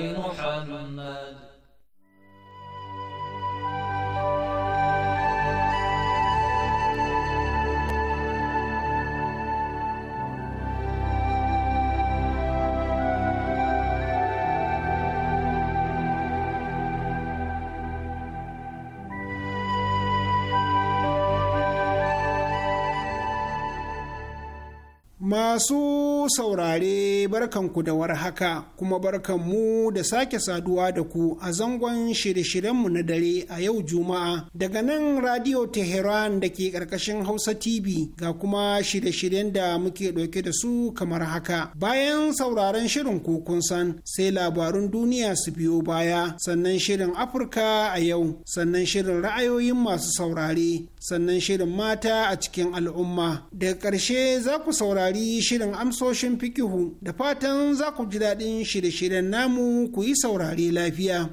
محمد masu saurare barkanku da warhaka haka kuma barkanmu da sake saduwa da ku a zangon shirye-shiryenmu na dare a yau juma'a daga nan radio teheran da ke karkashin hausa tv ga kuma shirye-shiryen da muke ɗauke da su kamar haka bayan sauraron shirin kokun san sai labarun duniya su biyo baya sannan shirin afirka a yau sannan shirin ra'ayoyin masu saurare sannan shirin mata a cikin al'umma daga ƙarshe za ku saurari shirin amso amsoshin fikihu da fatan za ku ji daɗin shirye-shiryen namu ku yi saurare lafiya.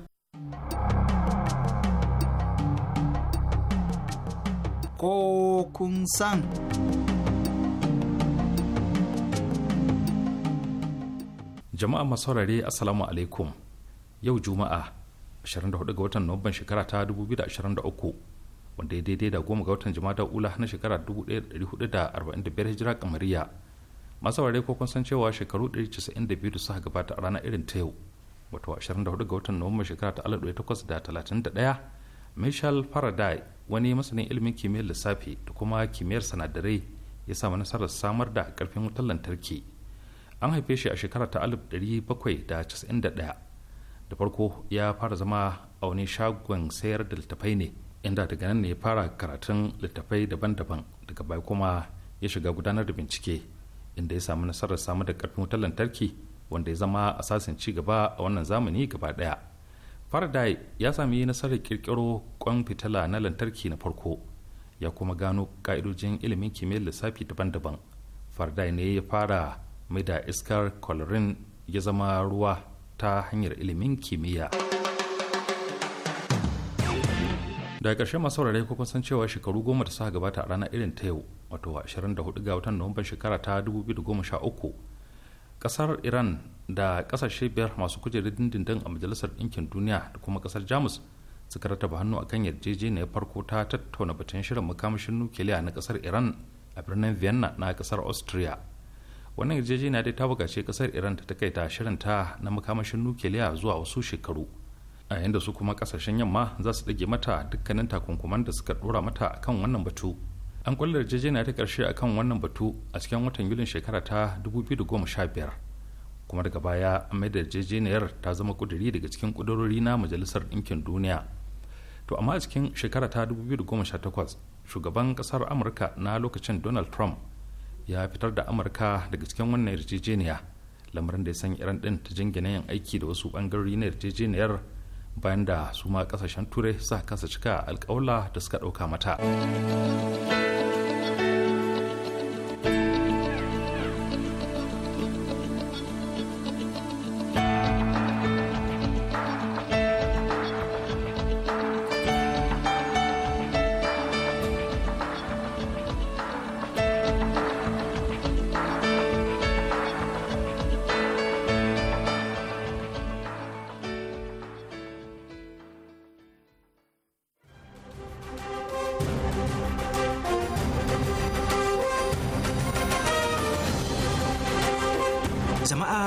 Ko kun san. Jama'a masu saurare Assalamu alaikum yau Juma'a 24 ga watan Nuwamban shekara ta 2023. wanda ya daidai da goma ga watan jama'a ula na shekara 1445 hijira kamariya masu ware ko kun san cewa shekaru 192 da suka gabata a ranar irin ta yau wato 24 ga watan nuwamban shekara ta 1831 michel faraday wani masanin ilimin kimiyyar lissafi da kuma kimiyyar sanadarai ya samu nasarar samar da karfin wutar lantarki an haife shi a shekara ta 1791 da farko ya fara zama a wani shagon sayar da littafai ne inda daga nan ne ya fara karatun littafai daban-daban daga baya kuma ya shiga gudanar da bincike inda ya samu nasarar samar da karfin wutar lantarki wanda ya zama asasin ci gaba a wannan zamani gaba daya faraday ya sami nasarar kirkiro kwan fitila na lantarki na farko ya kuma gano ka'idojin ilimin kimiyyar lissafi daban-daban faraday ne ya fara mai da iskar colorin ya zama ruwa ta hanyar ilimin kimiyya daga ƙarshe masu saurare kun san cewa shekaru goma da suka gabata a rana irin ta yau wato 24 ga watan nuwamban shekara ta 2013 kasar iran da kasashe biyar masu kujerar dindindin a majalisar ɗinkin duniya da kuma kasar jamus suka rataba hannu a kan yarjejeniyar farko ta tattauna batun shirin makamashin nukiliya na kasar iran a birnin vienna na kasar austria wannan yarjejeniya dai ta bukaci kasar iran ta kai takaita ta na makamashin nukiliya zuwa wasu shekaru a yayin da su kuma kasashen yamma za su dage mata dukkanin takunkuman da suka dora mata akan wannan batu an kwallar yarjejeniya ta karshe kan wannan batu a cikin watan yulin shekara ta 2015 kuma daga baya an mai da yarjejeniyar ta zama kuduri daga cikin kudurori na majalisar ɗinkin duniya to amma a cikin shekara ta 2018 shugaban kasar amurka na lokacin donald trump ya fitar da amurka daga cikin wannan yarjejeniya lamarin da ya san iran din ta jingina yin aiki da wasu bangarori na yarjejeniyar bayan da su ma kasashen turai sa kasa cika alkawla da suka ɗauka mata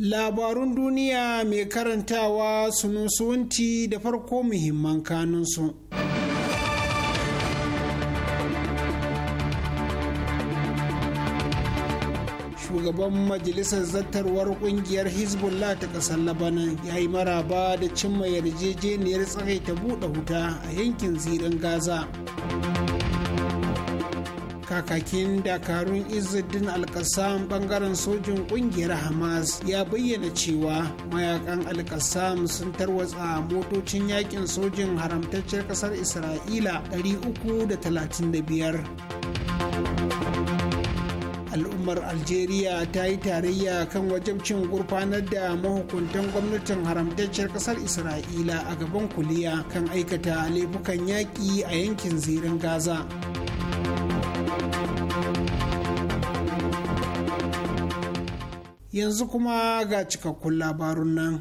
Labarun duniya mai karantawa suwanti da farko muhimman kanunsu. Shugaban Majalisar zartarwar Kungiyar Hezbollah ta ƙasar Labanan ya yi maraba da cimma yarjejeniyar tsakaita buɗe wuta a yankin zirin Gaza. kakakin dakarun izzuddin alkassam bangaren sojin kungiyar hamas ya bayyana cewa mayakan alkassam sun tarwatsa motocin yakin sojin haramtacciyar kasar isra'ila 335 al'ummar algeria ta yi tarayya kan wajabcin gurfanar da mahukuntan gwamnatin haramtacciyar kasar isra'ila a gaban kuliya kan aikata laifukan yaƙi a yankin zirin gaza. yanzu kuma ga cikakkun labarun nan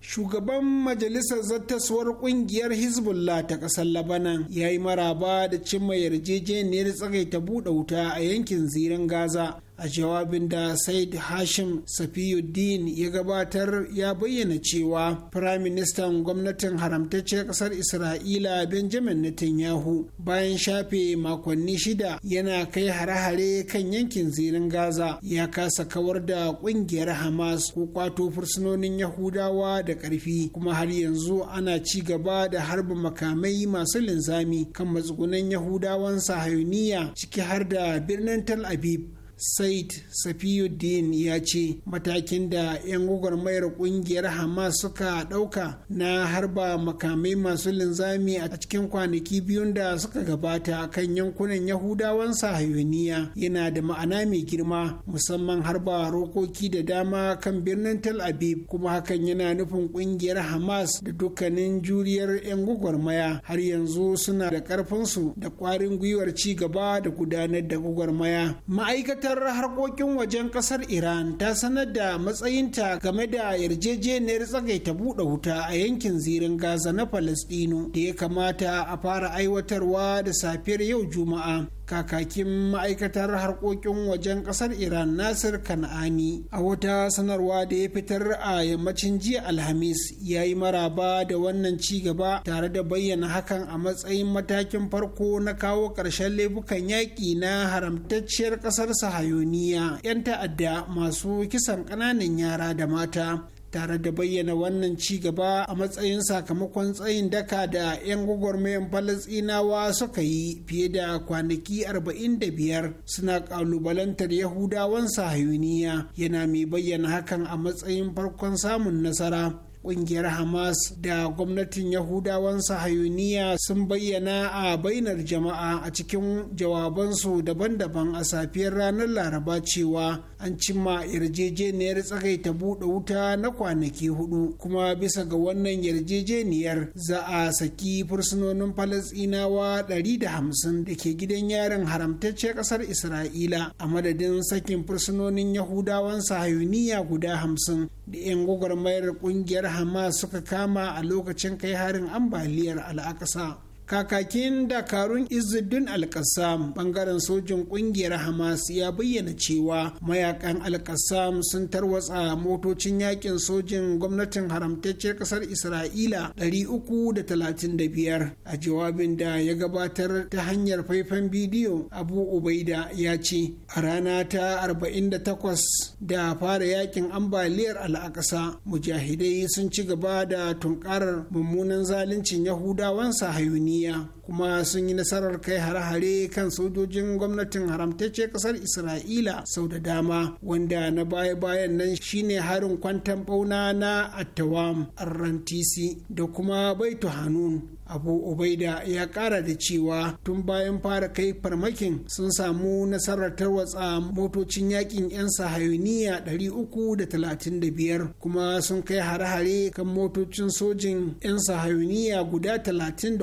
shugaban majalisar zattaswar ƙungiyar hezbollah ta ƙasar labanan ya yi maraba da cimma yarjejeniyar tsagaita buɗe wuta a yankin zirin gaza a jawabin da said hashim safiyuddin ya gabatar ya bayyana cewa firaministan gwamnatin haramtacciyar ƙasar isra'ila benjamin netanyahu bayan shafe makonni shida yana kai hare-hare kan yankin zirin gaza ya kasa kawar da ƙungiyar hamas ko kwato fursunonin yahudawa da ƙarfi kuma har yanzu ana ci gaba da harba makamai masu linzami kan matsugunan yahudawan sahayuniya ciki har da birnin Tal Abib. said safiyuddin ya ce matakin da 'yan gwagwarmayar kungiyar hamas suka ɗauka na harba makamai masu linzami a cikin kwanaki biyun da suka gabata kan yankunan yahudawan sahayoniya yana da ma'ana mai girma musamman harba rokoki da dama kan birnin tel aviv kuma hakan yana nufin kungiyar hamas da dukkanin juriyar 'yan gwagwarmaya har yanzu suna da ƙarfinsu da ƙwarin gwiwar ci gaba da gudanar da gwagwarmaya ma'aikata makarantar harkokin wajen kasar iran ta sanar da matsayinta game da yarjejeniyar tsagaita buɗe wuta a yankin zirin gaza na falastino da ya kamata a fara aiwatarwa da safiyar yau juma'a kakakin ma'aikatar harkokin wajen kasar iran nasir kan'ani a wata sanarwa da ya fitar a yammacin jiya alhamis ya yi maraba da wannan ci gaba tare da bayyana hakan a matsayin matakin farko na kawo ƙarshen laifukan yaƙi na haramtacciyar ƙasar sahayoniya 'yan ta'adda masu kisan ƙananan yara da mata tare da bayyana wannan ci gaba a matsayin sakamakon tsayin daka da 'yan gwagwarmayan falasinawa suka yi fiye da kwanaki 45 suna kalubalantar yahudawan sahayuniya yana mai bayyana hakan a matsayin farkon samun nasara kungiyar hamas da gwamnatin yahudawan sahayuniya sun bayyana a bainar jama'a a cikin jawabansu daban-daban a safiyar ranar laraba cewa an cimma yarjejeniyar tsagaita buɗe wuta na kwanaki hudu kuma bisa ga wannan yarjejeniyar za a saki fursunonin falasinawa 150 da ke gidan yarin haramtacce ƙasar isra'ila a madadin sakin fursunonin yahudawan sahayuniya guda 50 da 'yan gwagwarmayar kungiyar hamas suka kama a lokacin kai harin ambaliyar al'akasa kakakin dakarun izzuddin alkasam bangaren sojin kungiyar hamas ya bayyana cewa mayakan alkasam sun tarwatsa motocin yakin sojin gwamnatin haramtacciyar kasar isra'ila 335 a jawabin da ya gabatar ta hanyar faifan bidiyo abu ubaida ya ce a rana ta 48 da fara yakin ambaliyar al'akasa mujahidai sun ci gaba da tunkarar mummunan zaluncin yahudawan sahayuni duniya kuma sun yi nasarar kai hare-hare kan sojojin gwamnatin haramtacce kasar isra'ila sau da dama wanda na baya-bayan nan shine harin kwantan bauna na attawam rntc da kuma baitu hanun abu obaida ya kara da cewa tun bayan fara kai farmakin sun samu nasarar tarwatsa motocin yakin 'yan sahayuniya 335 kuma sun kai hare-hare kan motocin sojin 'yan sahayuniya guda 33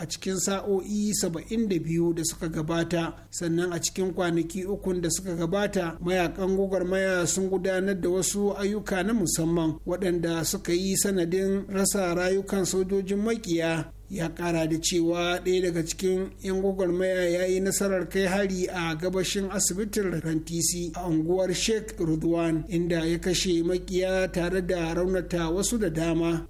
a cikin sa'o'i 72 da suka gabata sannan a cikin kwanaki ukun da suka gabata mayakan gwagwarmaya sun gudanar da wasu ayyuka na musamman waɗanda suka yi sanadin rasa rayukan sojojin makiya ya kara da cewa ɗaya daga cikin 'yan gwagwarmaya ya yi nasarar kai hari a gabashin asibitin rantisi a unguwar sheikh rudwan inda ya kashe makiya tare da raunata wasu da dama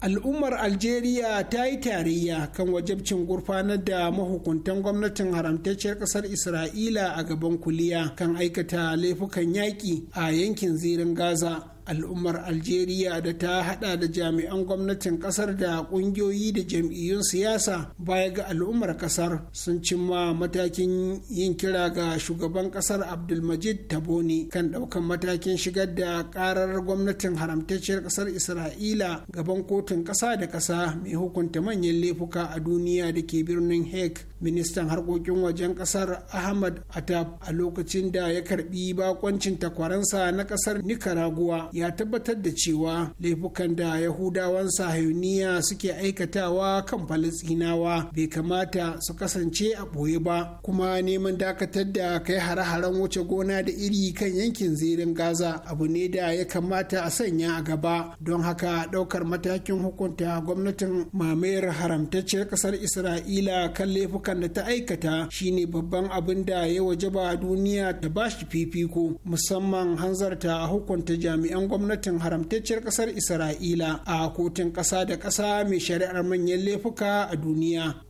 al'ummar algeria ta yi tarayya kan wajabcin gurfanar da mahukuntan gwamnatin haramtacciyar ƙasar isra'ila a gaban kuliya kan aikata laifukan yaƙi a yankin zirin gaza al'ummar algeria da ta hada da jami'an gwamnatin kasar da kungiyoyi da jam'iyyun siyasa baya ga al'ummar kasar sun cimma matakin yin kira ga shugaban kasar abdulmajid taboni kan daukan matakin shigar da karar gwamnatin haramtacciyar kasar isra'ila gaban kotun kasa da kasa mai hukunta manyan laifuka a duniya da ke birnin hague ministan harkokin wajen kasar ahmad atab a lokacin da ya karbi bakoncin takwaransa na kasar nicaragua ya tabbatar da cewa laifukan da yahudawan sahiyoniya suke aikatawa kan falastinawa bai kamata su kasance a ɓoye ba kuma neman dakatar da kai hare-haren wuce gona da iri kan yankin zirin gaza abu ne da ya kamata a sanya a gaba don haka ɗaukar matakin hukunta gwamnatin mamayar haramtacciyar kasar isra'ila kan laifukan ayyukan da ta aikata shine babban abin da ya wajaba duniya ta bashi fifiko musamman hanzarta a hukunta jami'an gwamnatin haramtacciyar kasar isra'ila a kotun kasa da kasa mai shari'ar manyan laifuka a duniya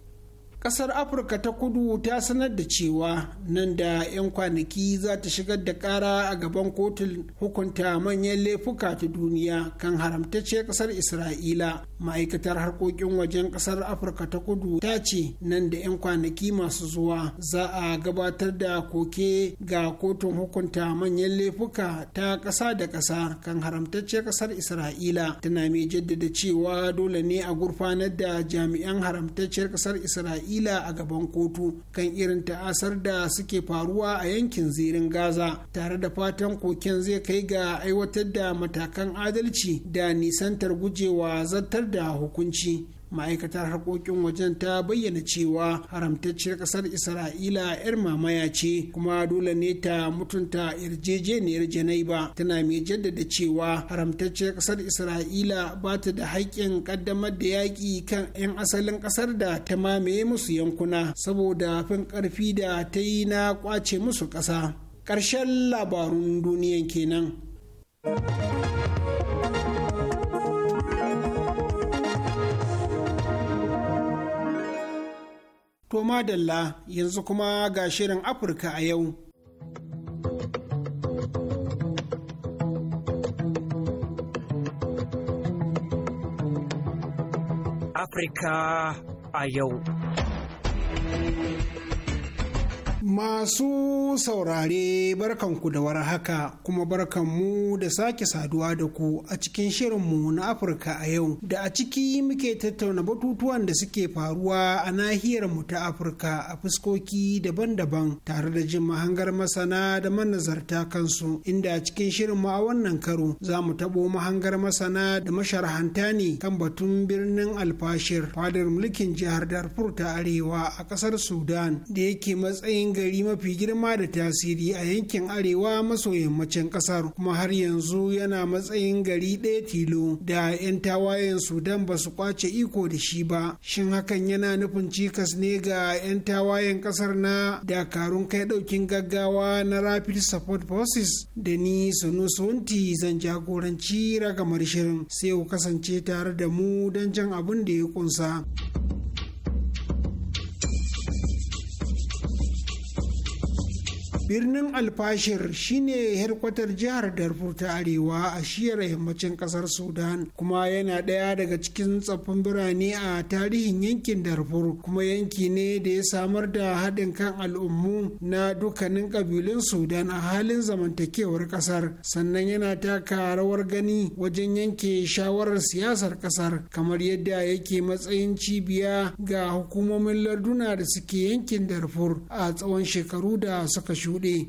kasar afirka ta kudu ta sanar da cewa nan da 'yan kwanaki za ta shigar da kara a gaban kotun hukunta manyan laifuka ta duniya kan haramtacce kasar isra'ila ma'aikatar harkokin wajen kasar afirka ta kudu ta ce nan da 'yan kwanaki masu zuwa za a gabatar da koke ga kotun hukunta manyan laifuka ta kasa da kasa kan haramtacce kasar isra'ila tana mai jaddada cewa dole ne a gurfanar da jami'an haramtacciyar kasar isra'ila kila a gaban kotu kan irin ta'asar da suke faruwa a yankin zirin gaza tare da fatan koken zai kai ga aiwatar da matakan adalci da nisantar gujewa zartar da hukunci ma'aikatar harkokin wajen ta bayyana cewa haramtacciyar ƙasar isra'ila 'yar mamaya ce kuma dole ne ta mutunta yarjejeniyar janaiba tana mai jaddada cewa haramtacciyar ƙasar isra'ila ba ta da haƙƙin ƙaddamar da yaƙi kan 'yan asalin ƙasar da ta mamaye musu yankuna saboda fin ƙarfi da ta yi na ƙwace musu ƙasa ƙarshen labarun duniyan kenan. To madalla yanzu kuma ga shirin Afirka a yau. Afirka a yau. Masu saurare barkanku da war haka kuma mu da sake saduwa da ku a cikin shirin mu na Afirka a yau da a ciki muke tattauna batutuwan da suke faruwa a nahiyar mu ta Afirka a fuskoki daban-daban tare da jin mahangar masana da manazarta kansu inda a cikin shirinmu a wannan karo za mu tabo mahangar masana da masharhanta ne kan batun birnin Alfashir fadar mulkin jihar Darfur ta Arewa a ƙasar Sudan da yake matsayin gari mafi girma da tasiri a yankin arewa maso yammacin kasar kuma har yanzu yana matsayin gari ɗaya tilo da 'yan tawayen sudan ba su kwace iko da shi ba shin hakan yana nufin cikas ne ga 'yan tawayen kasar na dakarun kai ɗaukin gaggawa na rapid support forces da ni sunti zan jagoranci ragamar shirin sai ku kasance tare da mu don jan abin da ya kunsa. birnin alfashir shine herkwatar jihar darfur ta arewa a shiyar yammacin kasar sudan kuma yana ɗaya daga cikin tsoffin birane a tarihin yankin darfur kuma yanki ne da ya samar da haɗin kan al'ummu na dukkanin ƙabilun sudan a halin zamantakewar kasar sannan yana taka rawar gani wajen yanke shawarar siyasar kasar kamar yadda yake matsayin cibiya ga hukumomin larduna da suke yankin darfur a tsawon shekaru da suka shuɗe shuɗe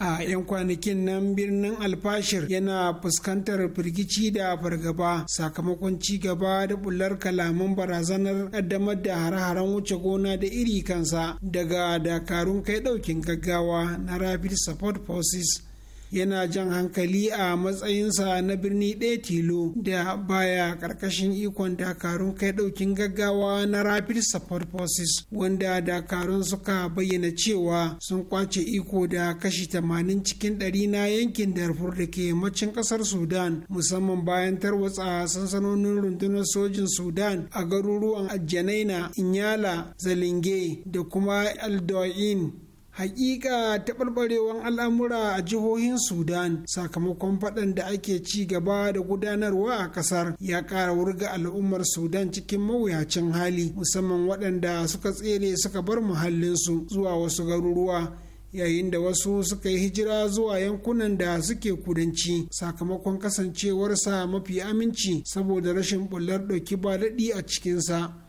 a 'yan kwanakin nan birnin alfashir yana fuskantar firgici da fargaba sakamakon ci gaba da bular kalaman barazanar kaddamar da hare-haren wuce gona da iri kansa daga dakarun kai daukin gaggawa na rapid support forces yana jan hankali a matsayinsa na birni ɗaya tilo da baya ƙarƙashin ikon dakarun kai ɗaukin gaggawa na rapid support forces wanda dakarun suka bayyana cewa sun kwace iko da kashi tamanin cikin ɗari na yankin darfur da ke yammacin ƙasar sudan musamman bayan tarwatsa sansanonin rundunar sojin sudan a garuruwan ajjanaina inyala zalinge da kuma aldoin hakika taɓarɓarewar al'amura a jihohin sudan sakamakon faɗan da ake ci gaba da gudanarwa a ƙasar ya ƙara wurga al'ummar sudan cikin mawuyacin hali musamman waɗanda suka tsere suka bar muhallinsu zuwa wasu garuruwa yayin da wasu suka yi hijira zuwa yankunan da suke kudanci sakamakon kasancewarsa mafi aminci saboda rashin bullar ɗauki ba daɗi a cikinsa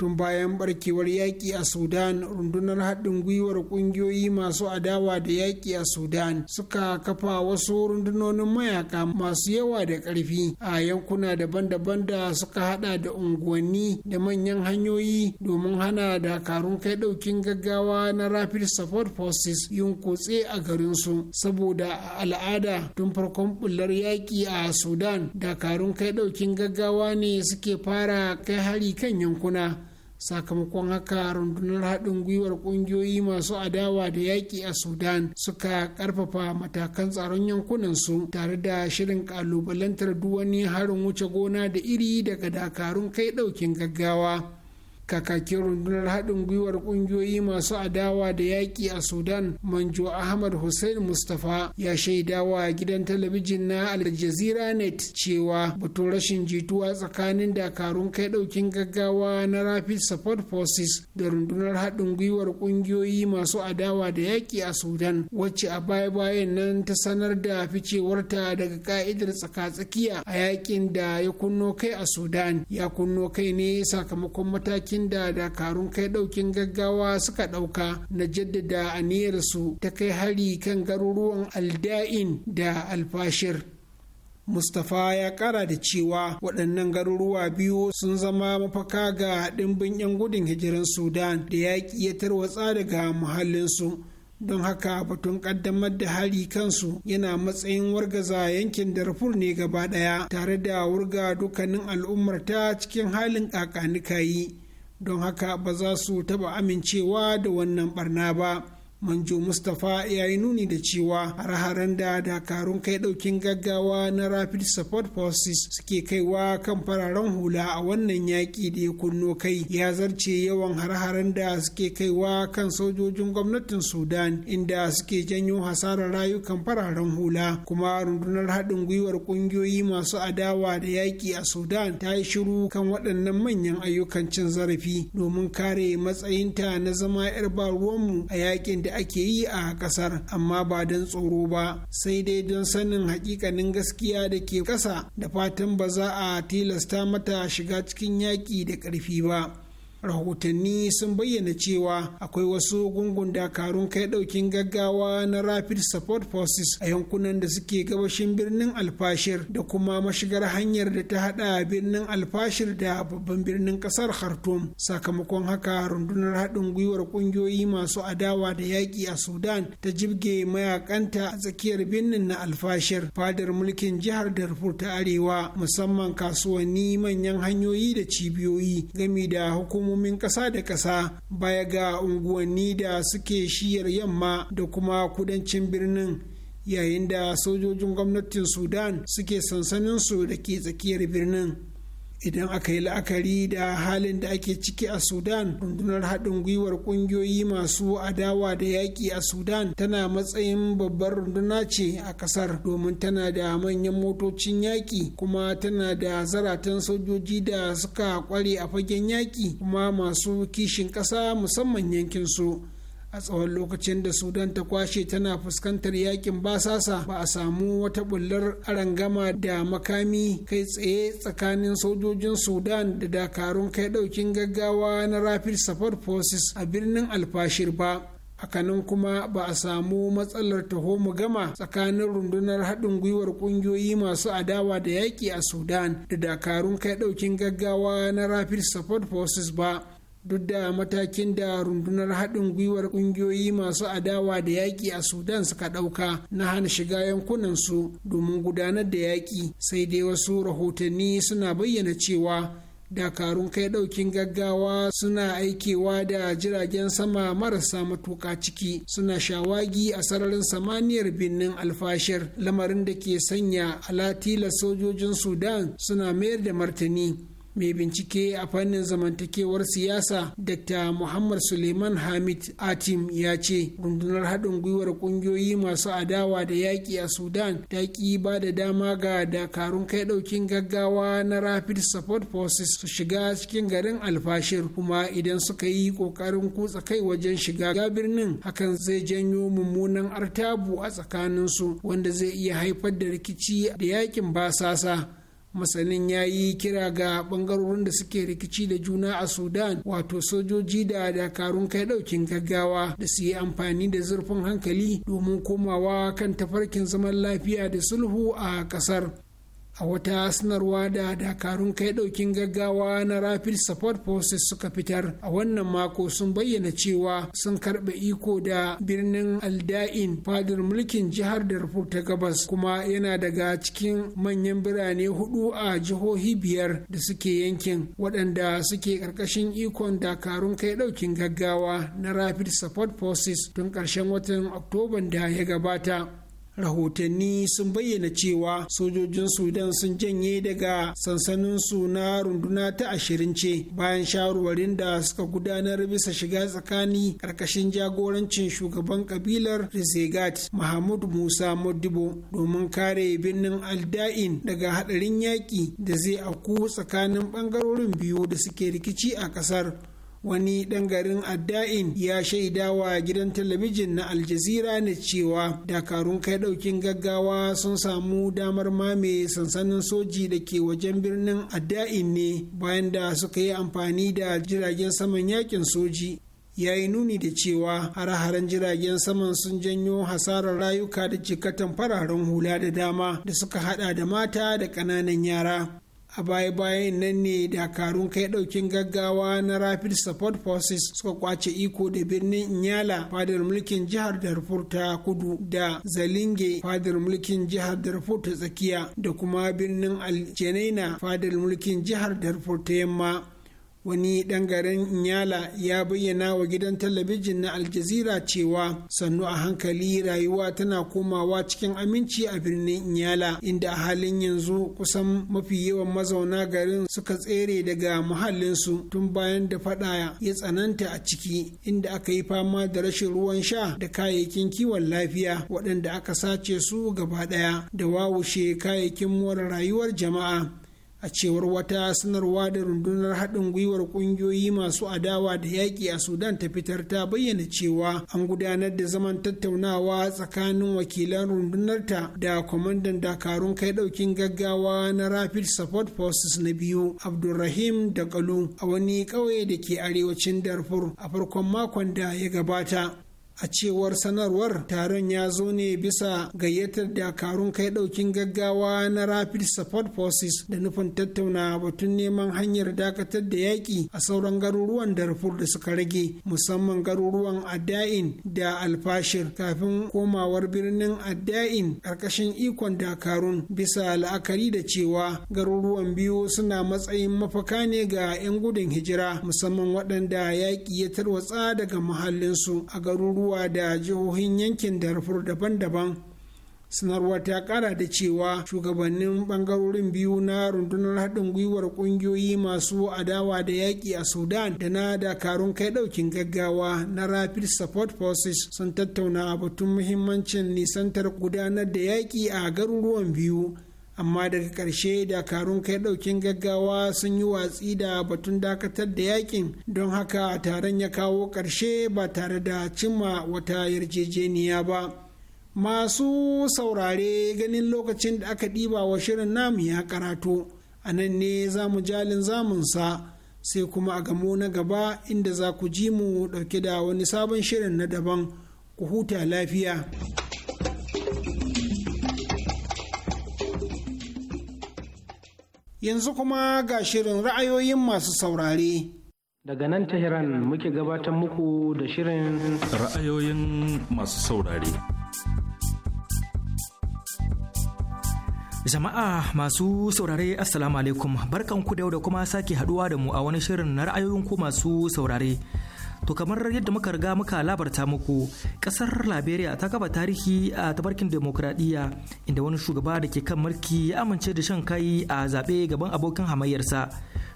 tun bayan barkewar yaƙi a sudan rundunar haɗin gwiwar ƙungiyoyi masu adawa da yaƙi a sudan suka kafa wasu rundunonin mayaka masu yawa da ƙarfi a yankuna daban-daban da suka haɗa da unguwanni da manyan hanyoyi domin hana dakarun kai ɗaukin gaggawa na rapid support forces yin kutse a su saboda al'ada tun farkon bullar yaƙi a sudan dakarun kai ɗaukin gaggawa ne suke fara kai hari kan yankuna sakamakon haka rundunar haɗin gwiwar ƙungiyoyi masu adawa da yaƙi a sudan suka ƙarfafa matakan tsaron yankunansu tare da shirin ƙalubalantar wani harin wuce gona da iri daga dakarun kai ɗaukin gaggawa kakakin rundunar haɗin gwiwar ƙungiyoyi masu adawa da yaƙi a sudan manjo ahmad hussein mustapha ya shaidawa gidan talabijin na al net cewa batun rashin jituwa tsakanin dakarun kai ɗaukin gaggawa na rapid support forces da rundunar haɗin gwiwar ƙungiyoyi masu adawa da yaƙi a sudan wacce a baya-bayan nan ta sanar da ficewarta daga ka'idar tsaka-tsakiya a yaƙin da ya kunno kai a sudan ya kunno kai ne sakamakon matakin matakin da dakarun kai daukin gaggawa suka dauka na jaddada aniyarsu ta kai hari kan garuruwan alda'in da alfashir mustapha ya kara da cewa waɗannan garuruwa biyu sun zama mafaka ga ɗimbin 'yan gudun hijiran sudan da yaƙi ya tarwatsa daga muhallinsu don haka batun ƙaddamar da hari kansu yana matsayin wargaza yankin darfur ne gaba ɗaya tare da wurga dukkanin al'ummar ta cikin halin kakanikayi don haka ba za su taɓa amincewa da wannan barna ba manjo mustapha ya yi nuni da cewa har-haren da dakarun kai daukin gaggawa na rapid support forces suke kaiwa kan fararen hula a wannan yaƙi da ya kunno kai ya zarce yawan har-haren da suke kaiwa kan sojojin gwamnatin sudan inda suke janyo hasarar rayukan fararen hula kuma rundunar haɗin gwiwar ƙungiyoyi masu adawa da yaƙi a sudan ta yi shiru kan waɗannan manyan ayyukan cin zarafi domin kare matsayinta na zama 'yar ba ruwanmu a yaƙin da da ake yi a kasar amma ba don tsoro ba sai dai don sanin hakikanin gaskiya da ke kasa da fatan ba za a tilasta mata shiga cikin yaƙi da ƙarfi ba rahotanni sun bayyana cewa akwai wasu gungun dakarun kai daukin gaggawa na rapid support forces a yankunan da suke gabashin birnin alfashir da kuma mashigar hanyar da ta hada birnin alfashir da babban birnin kasar khartoum sakamakon haka rundunar haɗin gwiwar ƙungiyoyi masu adawa da yaƙi a sudan ta jibge mayakanta a tsakiyar birnin na alfashir fadar mulkin jihar darfur ta arewa musamman kasuwanni manyan hanyoyi da cibiyoyi gami da hukumar hukumomin ƙasa da ƙasa baya ga unguwanni da suke shiyar yamma da kuma kudancin birnin yayin da sojojin gwamnatin sudan suke sansaninsu da ke tsakiyar birnin idan aka yi la'akari da halin da ake ciki a sudan rundunar haɗin gwiwar ƙungiyoyi masu adawa da yaƙi a sudan tana matsayin babbar runduna ce a ƙasar domin tana da manyan motocin yaƙi kuma tana da zaratan sojoji da suka ƙware a fagen yaƙi kuma masu kishin ƙasa musamman yankin su a tsawon lokacin da sudan ta kwashe tana fuskantar yakin basasa ba a samu wata bullar arangama da makami kai tsaye tsakanin sojojin sudan da dakarun kai daukin gaggawa na rapid support forces a birnin alfashir ba hakanan kuma ba a samu matsalar taho mu gama tsakanin rundunar haɗin gwiwar ƙungiyoyi masu adawa da yaƙi a sudan da dakarun kai ɗaukin gaggawa na rapid support forces ba duk da matakin da rundunar haɗin gwiwar ƙungiyoyi masu adawa da yaƙi a sudan suka ɗauka na hana shiga yankunansu domin gudanar da yaƙi sai dai wasu rahotanni suna bayyana cewa dakarun kai ɗaukin gaggawa suna aikewa da jiragen sama marasa matuƙa ciki suna shawagi a sararin samaniyar birnin alfashir lamarin da ke sanya alatila sojojin sudan suna mayar da martani mai bincike a fannin zamantakewar siyasa dr muhammad suleiman hamid atim ya ce rundunar haɗin gwiwar ƙungiyoyi masu adawa da yaƙi a sudan ta ƙi ba da dama ga dakarun kai ɗaukin gaggawa na rapid support forces su shiga cikin garin alfashir kuma idan suka yi ƙoƙarin kutsa kai wajen shiga birnin hakan zai janyo mummunan artabu a tsakaninsu wanda zai iya haifar da rikici da yaƙin basasa masanin ya yi kira ga bangarorin da suke rikici da juna a sudan wato sojoji da dakarun kai daukin gaggawa da su yi amfani da zurfin hankali domin komawa kan tafarkin zaman lafiya da sulhu a kasar a wata sanarwa da dakarun kai daukin gaggawa na rapid support forces suka fitar a wannan mako sun bayyana cewa sun karbe iko da birnin alda'in fadar mulkin jihar darfur ta gabas kuma yana daga cikin manyan birane hudu a jihohi biyar da suke yankin waɗanda suke ƙarƙashin ikon dakarun kai daukin gaggawa na rapid support forces tun ƙarshen watan oktoban da ya gabata rahotanni sun bayyana cewa sojojin sudan sun janye daga sansaninsu na runduna ta ashirin ce bayan shawarwarin da suka gudanar bisa shiga tsakani karkashin jagorancin shugaban kabilar rizegat mahmud musa modibo domin kare birnin alda'in daga hadarin yaƙi da zai auku tsakanin ɓangarorin biyu da suke rikici a ƙasar wani ɗan garin adda'in ya shaida wa gidan talabijin na aljazira ne cewa dakarun kai ɗaukin gaggawa sun samu damar mame sansanin soji da ke wajen birnin adda'in ne bayan da suka yi amfani da jiragen saman yakin soji ya yi nuni da cewa har haren jiragen saman sun janyo hasarar rayuka da jikatan fararen hula da dama da suka hada da mata da ƙananan yara a baya-bayan nan ne dakarun kai daukin gaggawa na rapid support forces suka kwace iko da birnin inyala fadar mulkin jihar darfur ta kudu da zalinge fadar mulkin jihar darfur ta tsakiya da kuma birnin aljanaina fadar mulkin jihar darfur ta yamma wani ɗan garin nyala ya bayyana wa gidan talabijin na aljazira cewa sannu a hankali rayuwa tana komawa cikin aminci a birnin nyala inda a halin yanzu kusan mafi yawan mazauna garin suka tsere daga muhallinsu tun bayan da fada ya tsananta a ciki inda aka yi fama da rashin ruwan sha da kayayyakin kiwon lafiya waɗanda aka sace su gaba ɗaya da wawushe kayayyakin more rayuwar jama'a a cewar wata sanarwa da rundunar haɗin gwiwar ƙungiyoyi masu adawa da yaƙi a sudan ta fitar ta bayyana cewa an gudanar da zaman tattaunawa tsakanin wakilan rundunarta da kwamandan dakarun kai ɗaukin gaggawa na rapid support forces na biyu abdulrahim da a wani ƙauye da ke arewacin darfur a farkon makon da ya gabata a cewar sanarwar taron ya zo ne bisa gayyatar dakarun kai daukin gaggawa na rapid support forces da nufin tattauna batun neman hanyar dakatar da yaƙi a sauran garuruwan darfur da suka rage musamman garuruwan adda'in da alfashir kafin komawar birnin adda'in ƙarƙashin ikon dakarun bisa la'akari da cewa garuruwan biyu suna matsayin mafaka ne ga 'yan gudun hijira musamman waɗanda yaƙi ya tarwatsa daga mahallinsu a garuruwan samarwa da jihohin yankin darfur daban-daban sanarwar ta kara da cewa shugabannin bangarorin biyu na rundunar haɗin gwiwar ƙungiyoyi masu adawa da yaƙi a sudan da na dakarun kai ɗaukin gaggawa na rapid support forces sun tattauna batun muhimmancin nisantar gudanar da yaƙi a garuruwan biyu amma daga ƙarshe dakarun kai ɗaukin gaggawa sun yi watsi da batun dakatar da yakin don haka taron ya kawo ƙarshe ba tare da cimma wata yarjejeniya ba masu saurare ganin lokacin da aka ɗiba wa shirin namu ya karatu a nan ne za mu jalin zamunsa sai kuma a gamo na gaba inda za ku ji mu ɗauke da wani sabon shirin na daban ku huta lafiya. yanzu kuma ga shirin ra'ayoyin masu saurare. Daga nan Tehran muke gabatar muku da shirin ra'ayoyin masu saurare. Jama'a masu saurare Assalamu alaikum barkanku da yau da kuma sake haduwa da mu a wani shirin na ra'ayoyin ku masu saurare. To kamar yadda muka riga muka labarta muku kasar Liberia ta gaba tarihi a tabarkin demokradiyya inda wani shugaba da ke kan mulki ya amince da shan kai a zaɓe gaban abokin hamayyarsa.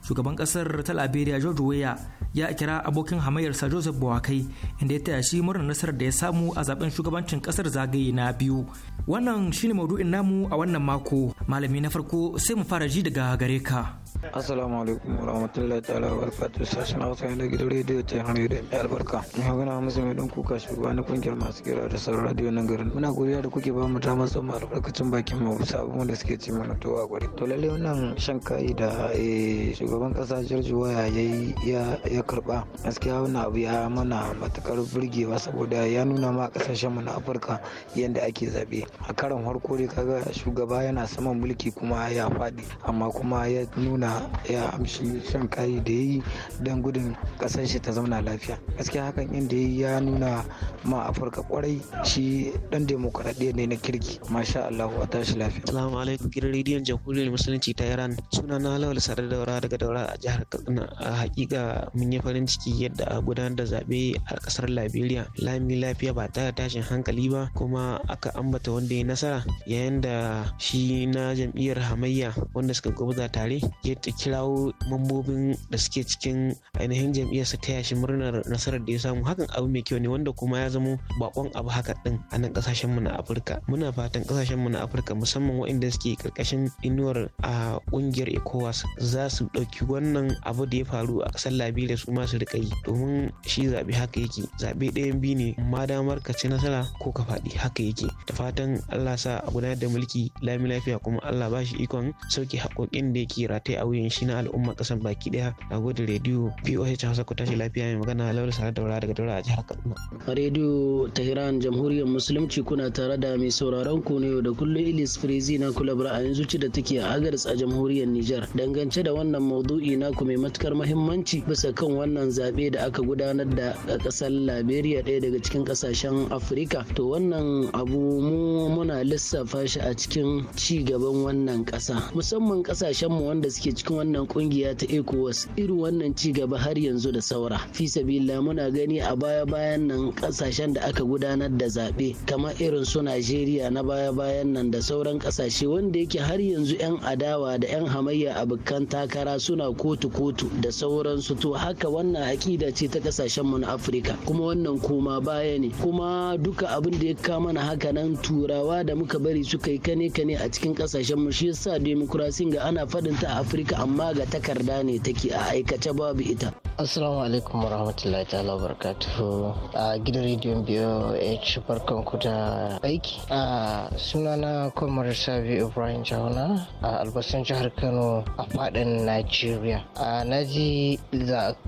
Shugaban kasar ta Liberia George Weah ya kira abokin hamayyarsa Joseph Boakai inda ya taya shi murnar nasarar da ya samu a zaben shugabancin kasar zagaye na biyu. Wannan shine maudu'in namu a wannan mako. Malami na farko sai mu fara ji daga gare ka. assalamu alaikum warahmatullahi ta'ala wabarakatuh sashen hausa na gidan Radio, ta hanyar da mai albarka mai magana musu mai dan kuka shugaba na kungiyar masu kira da sauran radiyo nan garin muna godiya da kuke ba mu damar tsoma albarkacin bakin mu bisa abubuwan da suke ci mana to a to lalle wannan shan kai da eh, shugaban kasa George Waya yayi ya ya karba gaskiya wannan abu ya mana matukar burgewa saboda ya nuna ma kasashen mu na Afirka yadda ake zabe a karan harkori, dai kaga shugaba yana saman mulki kuma ya faɗi amma kuma ya nuna da ya amshi shan kayi da yi don gudun ƙasar shi ta zauna lafiya gaskiya hakan inda ya nuna ma afirka kwarai shi dan demokaradiyya ne na kirki masha Allah a tashi lafiya assalamu alaikum gidan rediyon jamhuriyar musulunci ta iran suna na lawal sarar daura daga daura a jihar katsina a hakika mun yi farin ciki yadda a gudanar da zaɓe a kasar liberia lami lafiya ba ta tashin hankali ba kuma aka ambata wanda ya nasara yayin da shi na jam'iyyar hamayya wanda suka gwabza tare ya ta kirawo mambobin da suke cikin ainihin jam'iyyar su ta yashi murnar nasarar da ya samu hakan abu mai kyau ne wanda kuma ya zamo bakon abu haka din a nan kasashen mu na afirka muna fatan kasashen mu na afirka musamman waɗanda suke karkashin inuwar a kungiyar ecowas za su ɗauki wannan abu da ya faru a ƙasar liberia su ma su rika yi domin shi zaɓe haka yake zaɓe ɗayan biyu ne ma damar ka ci nasara ko ka faɗi haka yake da fatan allah sa a gudanar da mulki lami lafiya kuma allah ba shi ikon sauke haƙoƙin da yake rataye ra'ayoyin shi na al'umma kasan baki daya a gode rediyo poh hausa ku tashi lafiya mai magana laura sare daura daga daura a jihar kaduna rediyo tehran jamhuriyar musulunci kuna tare da mai sauraron ku ne da kullum ilis frizi na kula yanzu zuci da take a agaris a jamhuriyar nijar dangance da wannan maudu'i na ku mai matukar mahimmanci bisa kan wannan zaɓe da aka gudanar da a ƙasar liberia ɗaya daga cikin kasashen afirka to wannan abu mu muna lissafa shi a cikin ci gaban wannan kasa musamman ƙasashenmu wanda suke suke cikin wannan kungiya ta ECOWAS irin wannan ci gaba har yanzu da saura. Fi sabila muna gani a baya-bayan nan kasashen da aka gudanar da zaɓe kamar irin su Najeriya na baya-bayan nan da sauran kasashe wanda yake har yanzu 'yan adawa da 'yan hamayya abokan takara suna kotu-kotu da sauransu to haka wannan aƙida ce ta kasashen mu na Afirka kuma wannan koma baya ne kuma duka abin da ya kama na haka nan turawa da muka bari suka yi kane-kane a cikin kasashen mu shi yasa demokrasin ga ana faɗin ta a afirka amma ga takarda ne take a aikace babu ita Assalamu alaikum warahmatullahi ta'ala barakatuhu a gidan rediyon biyo h barkan ku da aiki a sunana kwamar sabi ibrahim jauna a albasan jihar kano a fadin nigeria a naji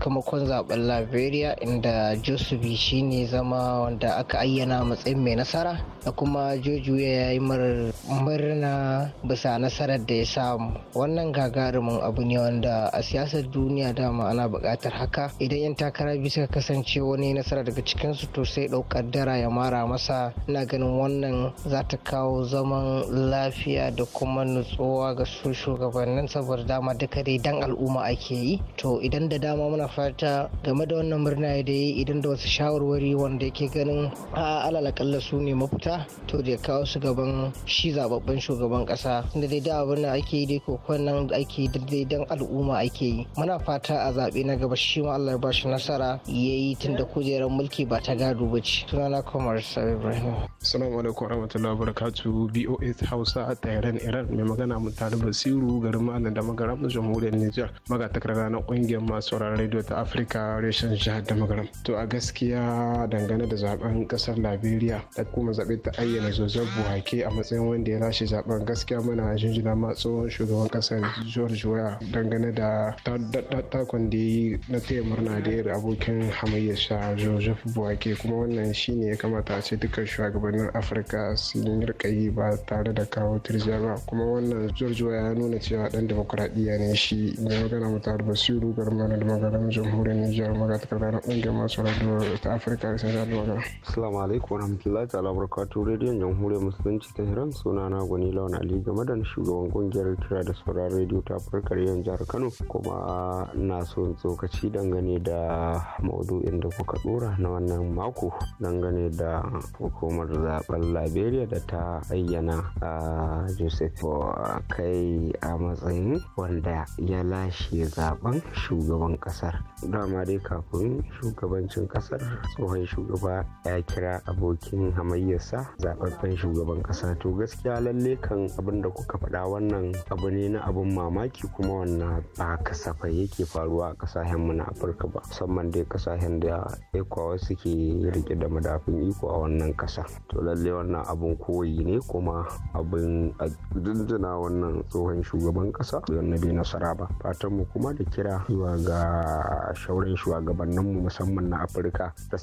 kamakon zaɓen liberia inda josubi shine zama wanda aka ayyana matsayin mai nasara da kuma jojuya ya yi murna bisa nasarar da ya samu wannan gagarumin abu ne wanda a siyasar duniya dama ana buƙatar haka idan yan takara biyu suka kasance wani nasara daga cikinsu to sai ɗaukar dara ya mara masa ina ganin wannan za ta kawo zaman lafiya da kuma nutsuwa ga su shugabannin saboda dama duka dai dan al'umma ake yi to idan da dama muna fata game da wannan murna da yi idan da wasu shawarwari wanda yake ganin a alalakalla su ne mafita to da kawo su gaban shi zababben shugaban kasa da dai da abin da ake yi dai kokon nan ake dai dan al'umma ake yi muna fata a zaɓe na gaba shi ma Allah ya ba shi nasara ya yi tun da kujerar mulki ba ta gado ba ce sunana kamar sabi ibrahim assalamu alaikum warahmatullahi wabarakatuh boa hausa a tayaran iran mai magana mun tare basiru garin malam da magaram jamhuriyar niger maga takarda na kungiyar masu sauraron radio ta afirka reshen jihar da magaram to a gaskiya dangane da zaben kasar liberia da kuma zaɓe ta ayyana Joseph Buhake a matsayin wanda ya lashe zaben gaskiya muna jinjina ma tsohon shugaban kasar George Weah dangane da takon da ya yi na taya murna da ya abokin hamayyar sha Joseph Buhake kuma wannan shine ya kamata a ce dukkan shugabannin Afirka sun rika yi ba tare da kawo turjiya ba kuma wannan George Weah ya nuna cewa dan demokuraɗiyya ne shi ne magana mutar Basiru Garmana da magaran jamhuriyar Nijar magatakarda na ƙungiyar masu radio ta Afirka da magana. Assalamu alaikum rahmatulahi ta'ala barakatu. wato rediyon jamhuriyar musulunci ta hiran suna na gwani lawan ali game da shugaban kungiyar kira da sauran rediyo ta farkar yan jihar kano kuma na so tsokaci dangane da maudu'in inda kuka dora na wannan mako dangane da hukumar zaben liberia da ta ayyana a joseph kai a matsayin wanda ya lashe zaben shugaban kasar dama dai kafin shugabancin kasar tsohon shugaba ya kira abokin hamayyarsa Amurka zaɓaɓɓen shugaban ƙasa to gaskiya lalle kan abin da kuka faɗa wannan abu ne na abin mamaki kuma wannan ba kasafai yake faruwa a ƙasashen mu na Afirka ba musamman dai ƙasashen da ekwawa suke rike da madafin iko a wannan ƙasa to lalle wannan abin koyi ne kuma abin a dindina wannan tsohon shugaban ƙasa na bai nasara ba fatan mu kuma da kira zuwa ga shauran mu musamman na Afirka ta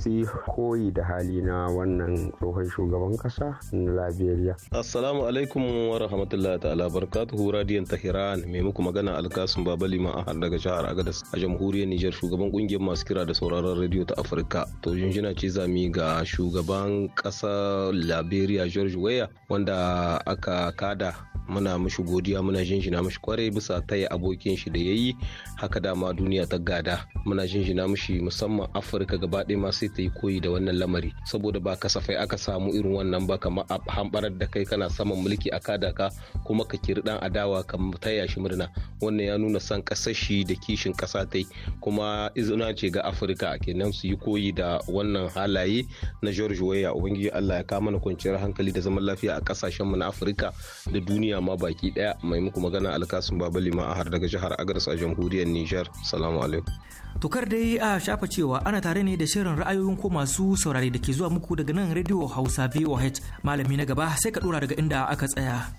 koyi da hali na wannan tsohon shugaban shugaban kasa na Liberia. Assalamu alaikum wa rahmatullahi ta'ala barakatuhu radiyon Tahiran mai muku magana Alkasun Babali Ma'ahar daga jihar Agadas a jamhuriyar Nijar shugaban kungiyar masu kira da sauraron radio ta Afirka. To jinjina ce zami ga shugaban kasa Liberia George Weah wanda aka kada muna mishi godiya muna jinjina mishi kwarai bisa taya abokin shi da yayi haka dama duniya ta gada muna jinjina mishi musamman Afirka gaba ɗaya ma sai ta yi koyi da wannan lamari saboda ba kasafai aka samu irin wannan ba kamar a hambarar da kai kana saman mulki a kada ka kuma ka kiri dan adawa ka ta shi murna wannan ya nuna san kasashi da kishin kasa ta kuma izina ce ga afirka kenan su yi koyi da wannan halaye na george waya ubangiji allah ya kama na kwanciyar hankali da zaman lafiya a kasashen mu na afirka da duniya ma baki daya mai muku magana alkasun babali ma a har daga jihar agadas a jamhuriyar niger salamu alaikum Tukar dai a shafa cewa ana tare ne da shirin ra'ayoyin ko masu saurare da ke zuwa muku daga nan rediyo Hausa biyu Wahid malami na gaba sai ka dora daga inda aka tsaya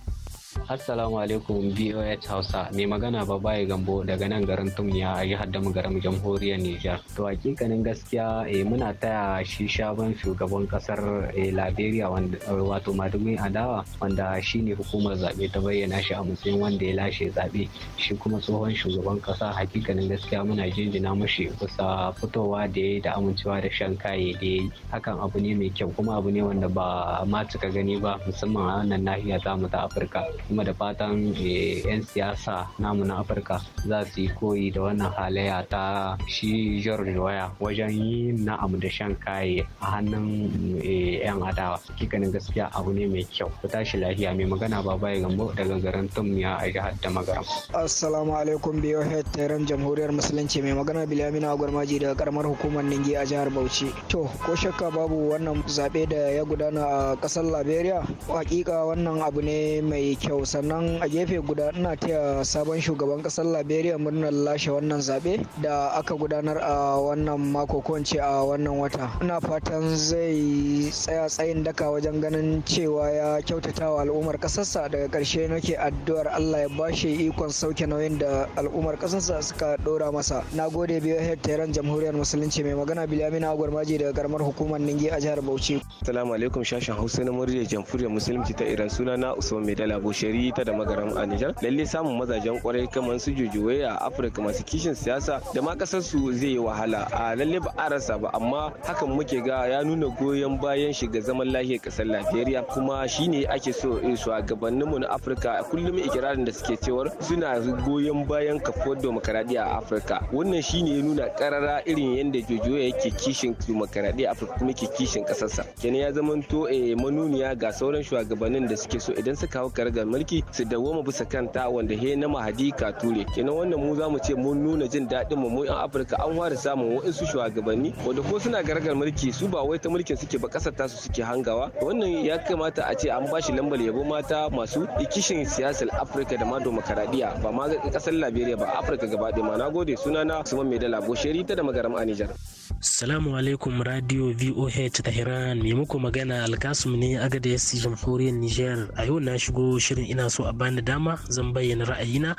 Assalamu alaikum BOH Hausa mai magana ba babaye gambo daga nan garin Tumniya a jihar garin jamhuriyar Nijar. To hakikanin gaskiya eh, muna taya shi shaban shugaban kasar eh, Liberia wato Madumi Adawa wanda shi ne hukumar zaɓe ta bayyana shi a matsayin wanda ya lashe zaɓe. Shi kuma tsohon shugaban kasa hakikanin gaskiya muna jinjina mashi kusa fitowa da ya da amincewa da shan kaye da ya Hakan abu ne mai kyau kuma abu ne wanda ba ma cika gani ba musamman a wannan nahiya ta Afirka. kuma da fatan eh, 'yan siyasa namu na afirka za su yi koyi da wannan halayya ta shi george waya wajen yin na'am da shan kaye a hannun eh, 'yan adawa kikanin gaskiya abu ne mai kyau ku tashi lafiya mai magana baba bai gambo daga garin tumya a jihar da magaram assalamu alaikum biyo head taron jamhuriyar musulunci mai magana bilamina gwarmaji daga karamar hukumar ningi a jihar bauchi to ko shakka babu wannan zaɓe da ya gudana a ƙasar liberia hakika wannan abu ne mai kyau Barau sannan a gefe guda ina taya sabon shugaban kasar Liberia murnar lashe wannan zaɓe da aka gudanar a wannan mako ko a wannan wata. Ina fatan zai tsaya tsayin daka wajen ganin cewa ya kyautata wa al'ummar kasarsa daga ƙarshe nake addu'ar Allah ya bashi ikon sauke nauyin da al'ummar kasarsa suka ɗora masa. Na gode biyo head tayaran jamhuriyar musulunci mai magana Bilamina Agwarmaji daga karamar hukumar Ningi a jihar Bauchi. Assalamu alaikum shashin Hausa na muryar jamhuriyar musulunci ta Iran suna na Usman Medala Bauchi. shari ta da magaran a Nijar lalle samun mazajen kwarai kamar su jujuwai a Afirka masu kishin siyasa da ma kasarsu zai yi wahala a lalle ba a rasa ba amma hakan muke ga ya nuna goyon bayan shiga zaman lafiyar kasar Najeriya kuma shine ake so eh, shugabannin mu na Afirka kullum ikirarin da suke cewar suna goyon bayan kafuwar demokaradiyya a Afirka wannan shine ya nuna karara irin yadda jujuwai yake kishin demokaradiyya Afirka kuma yake kishin kasarsa kenan ya zamanto eh, manuniya ga sauran shugabannin da suke so idan suka hau karagar mulki su dawoma bisa kanta wanda he na mahadi ture kenan wannan mu za mu ce mun nuna jin daɗin mu yan afirka an fara samun wa'insu shugabanni wanda ko suna gargar mulki su ba wai ta mulkin suke ba ƙasar tasu suke hangawa wannan ya kamata a ce an bashi lambar yabo mata masu ikishin siyasar afirka da ma demokaradiyya ba ma ƙasar liberia ba afirka gaba ɗaya ma na gode sunana suman mai dala gosheri ta da magaram a nijar. Salamu alaikum Radio VOH tahiran mai muku magana alkasum ne agada yasi jamhuriyar niger a yau na shigo shirin ina so a bani dama zan bayyana ra'ayina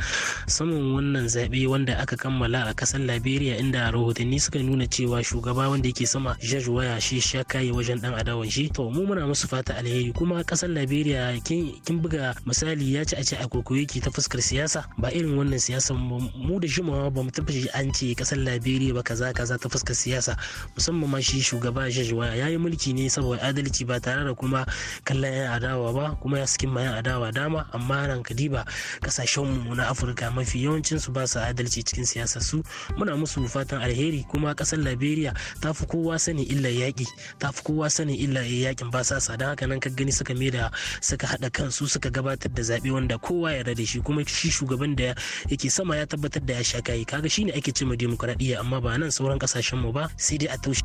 saman wannan zaɓe wanda aka kammala a ƙasar liberia inda rahotanni suka nuna cewa shugaba wanda yake sama george waya shi sha kaye wajen dan adawan shi to mu muna musu fata alheri kuma ƙasar liberia kin buga misali ya ci a ce a yake ta fuskar siyasa ba irin wannan siyasan mu da shi ma ba mu tafi an ce ƙasar liberia ba kaza kaza ta fuskar siyasa musamman ma shi shugaba george waya ya yi mulki ne saboda adalci ba tare da kuma kallon yan adawa ba kuma ya sakin ma yan adawa dama dama amma nan kadiba kasashen mu na afirka mafi yawancin su ba su adalci cikin siyasa su muna musu fatan alheri kuma kasar liberia ta fi kowa sani illa yaƙi ta fi kowa sani illa yaƙin ba sa don haka nan ka gani suka da suka haɗa kansu suka gabatar da zaɓe wanda kowa ya rada shi kuma shi shugaban da yake sama ya tabbatar da ya sha kayi kaga shine ake cewa dimokuraɗiyya amma ba nan sauran kasashen mu ba sai dai a taushe.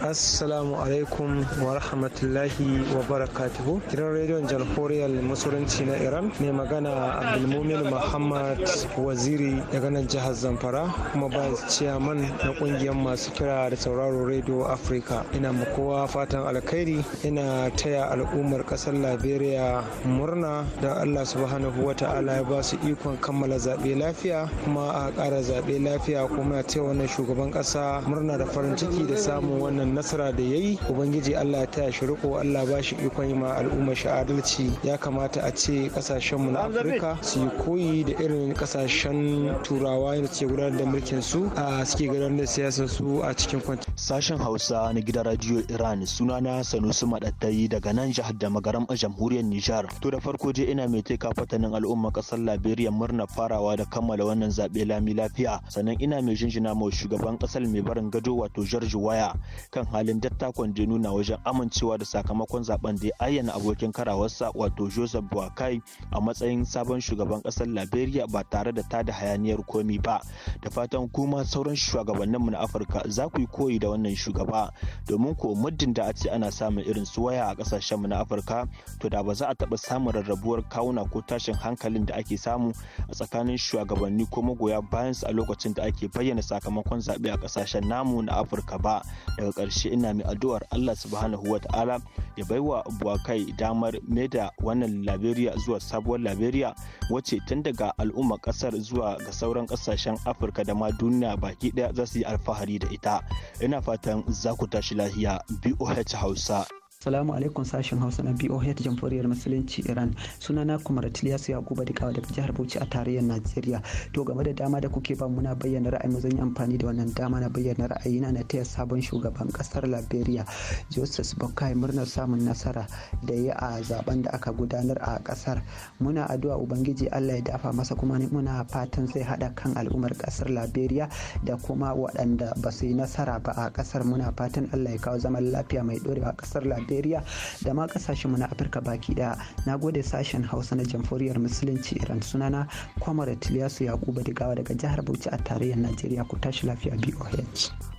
assalamu alaikum wa rahmatullahi wa barakatuhu kiran rediyon jamhuriyar musulunci na iran mai magana abdulmumin muhammad waziri daga nan jihar zamfara kuma ba ciyaman na kungiyar masu kira da sauraro radio africa ina makowa fatan alkhairi ina taya al'ummar kasar liberia murna da allah subhanahu wa ta'ala ya ba su ikon kammala zaɓe lafiya kuma a ƙara zaɓe lafiya kuma ya taya wannan shugaban ƙasa murna da farin ciki da samun wannan nasara da ya yi ubangiji allah ya taya shi riko allah ba shi ikon yi ma al'ummar shi adalci ya kamata a ce kasashen kasashenmu na afirka su yi koyi da irin kasashen turawa da suke gudanar da mulkin su a suke gudanar da siyasar su a cikin kwanci sashen hausa na gidan radio iran suna na sanusi madattayi daga nan jihar da magaram a jamhuriyar nijar to da farko je ina mai taika fatanin al'umma kasar liberia murna farawa da kammala wannan zaɓe lami lafiya sannan ina mai jinjina ma shugaban kasar mai barin gado wato george waya kan halin dattakon da nuna wajen amincewa da sakamakon zaben da ya ayyana abokin karawarsa wato joseph buakai Boakai a matsayin sabon shugaban kasar Liberia ba tare da tada hayaniyar komi ba. Da fatan kuma sauran shugabannin shugabanninmu na Afirka za ku yi koyi da wannan shugaba domin ko muddin da a ce ana samun irin su waya a mu na Afirka to da ba za a taba samun rarrabuwar kawuna ko tashin hankalin da ake samu a tsakanin shugabanni ko magoya bayan su a lokacin da ake bayyana sakamakon zaɓe a kasashen namu na Afirka ba. Daga ƙarshe ina mai addu'ar Allah subhanahu wa ta'ala ya baiwa kai damar maida wannan Liberia zuwa sabuwar liberia wacce tun daga al'ummar kasar zuwa ga sauran kasashen afirka da ma duniya baki daya za su yi alfahari da ita ina fatan za ku tashi lahiya boh hausa Salamu alaikum sashen Hausa na BOH Jamhuriyar Musulunci Iran. suna Sunana Kumar Tiliyasu Yakuba Dikawa daga jihar Bauchi a tarayyar Najeriya. To game da dama da kuke ba muna bayyana ra'ayi mu zan yi amfani da wannan dama na bayyana ra'ayi na taya sabon shugaban kasar Liberia Joseph bokai murnar samun nasara da ya a zaben da aka gudanar a kasar. Muna addu'a Ubangiji Allah ya dafa masa kuma muna fatan zai hada kan al'ummar kasar Liberia da kuma waɗanda ba su yi nasara ba a kasar muna fatan Allah ya kawo zaman lafiya mai dorewa kasar Liberia najeriya da ma kasashen mu na afirka baki daya na gode sashen hausa na jamhuriyar musulunci iran sunana Kwamara tiliyasu yakuba digawa daga jihar bauchi a tarayyar najeriya ku tashi lafiya boh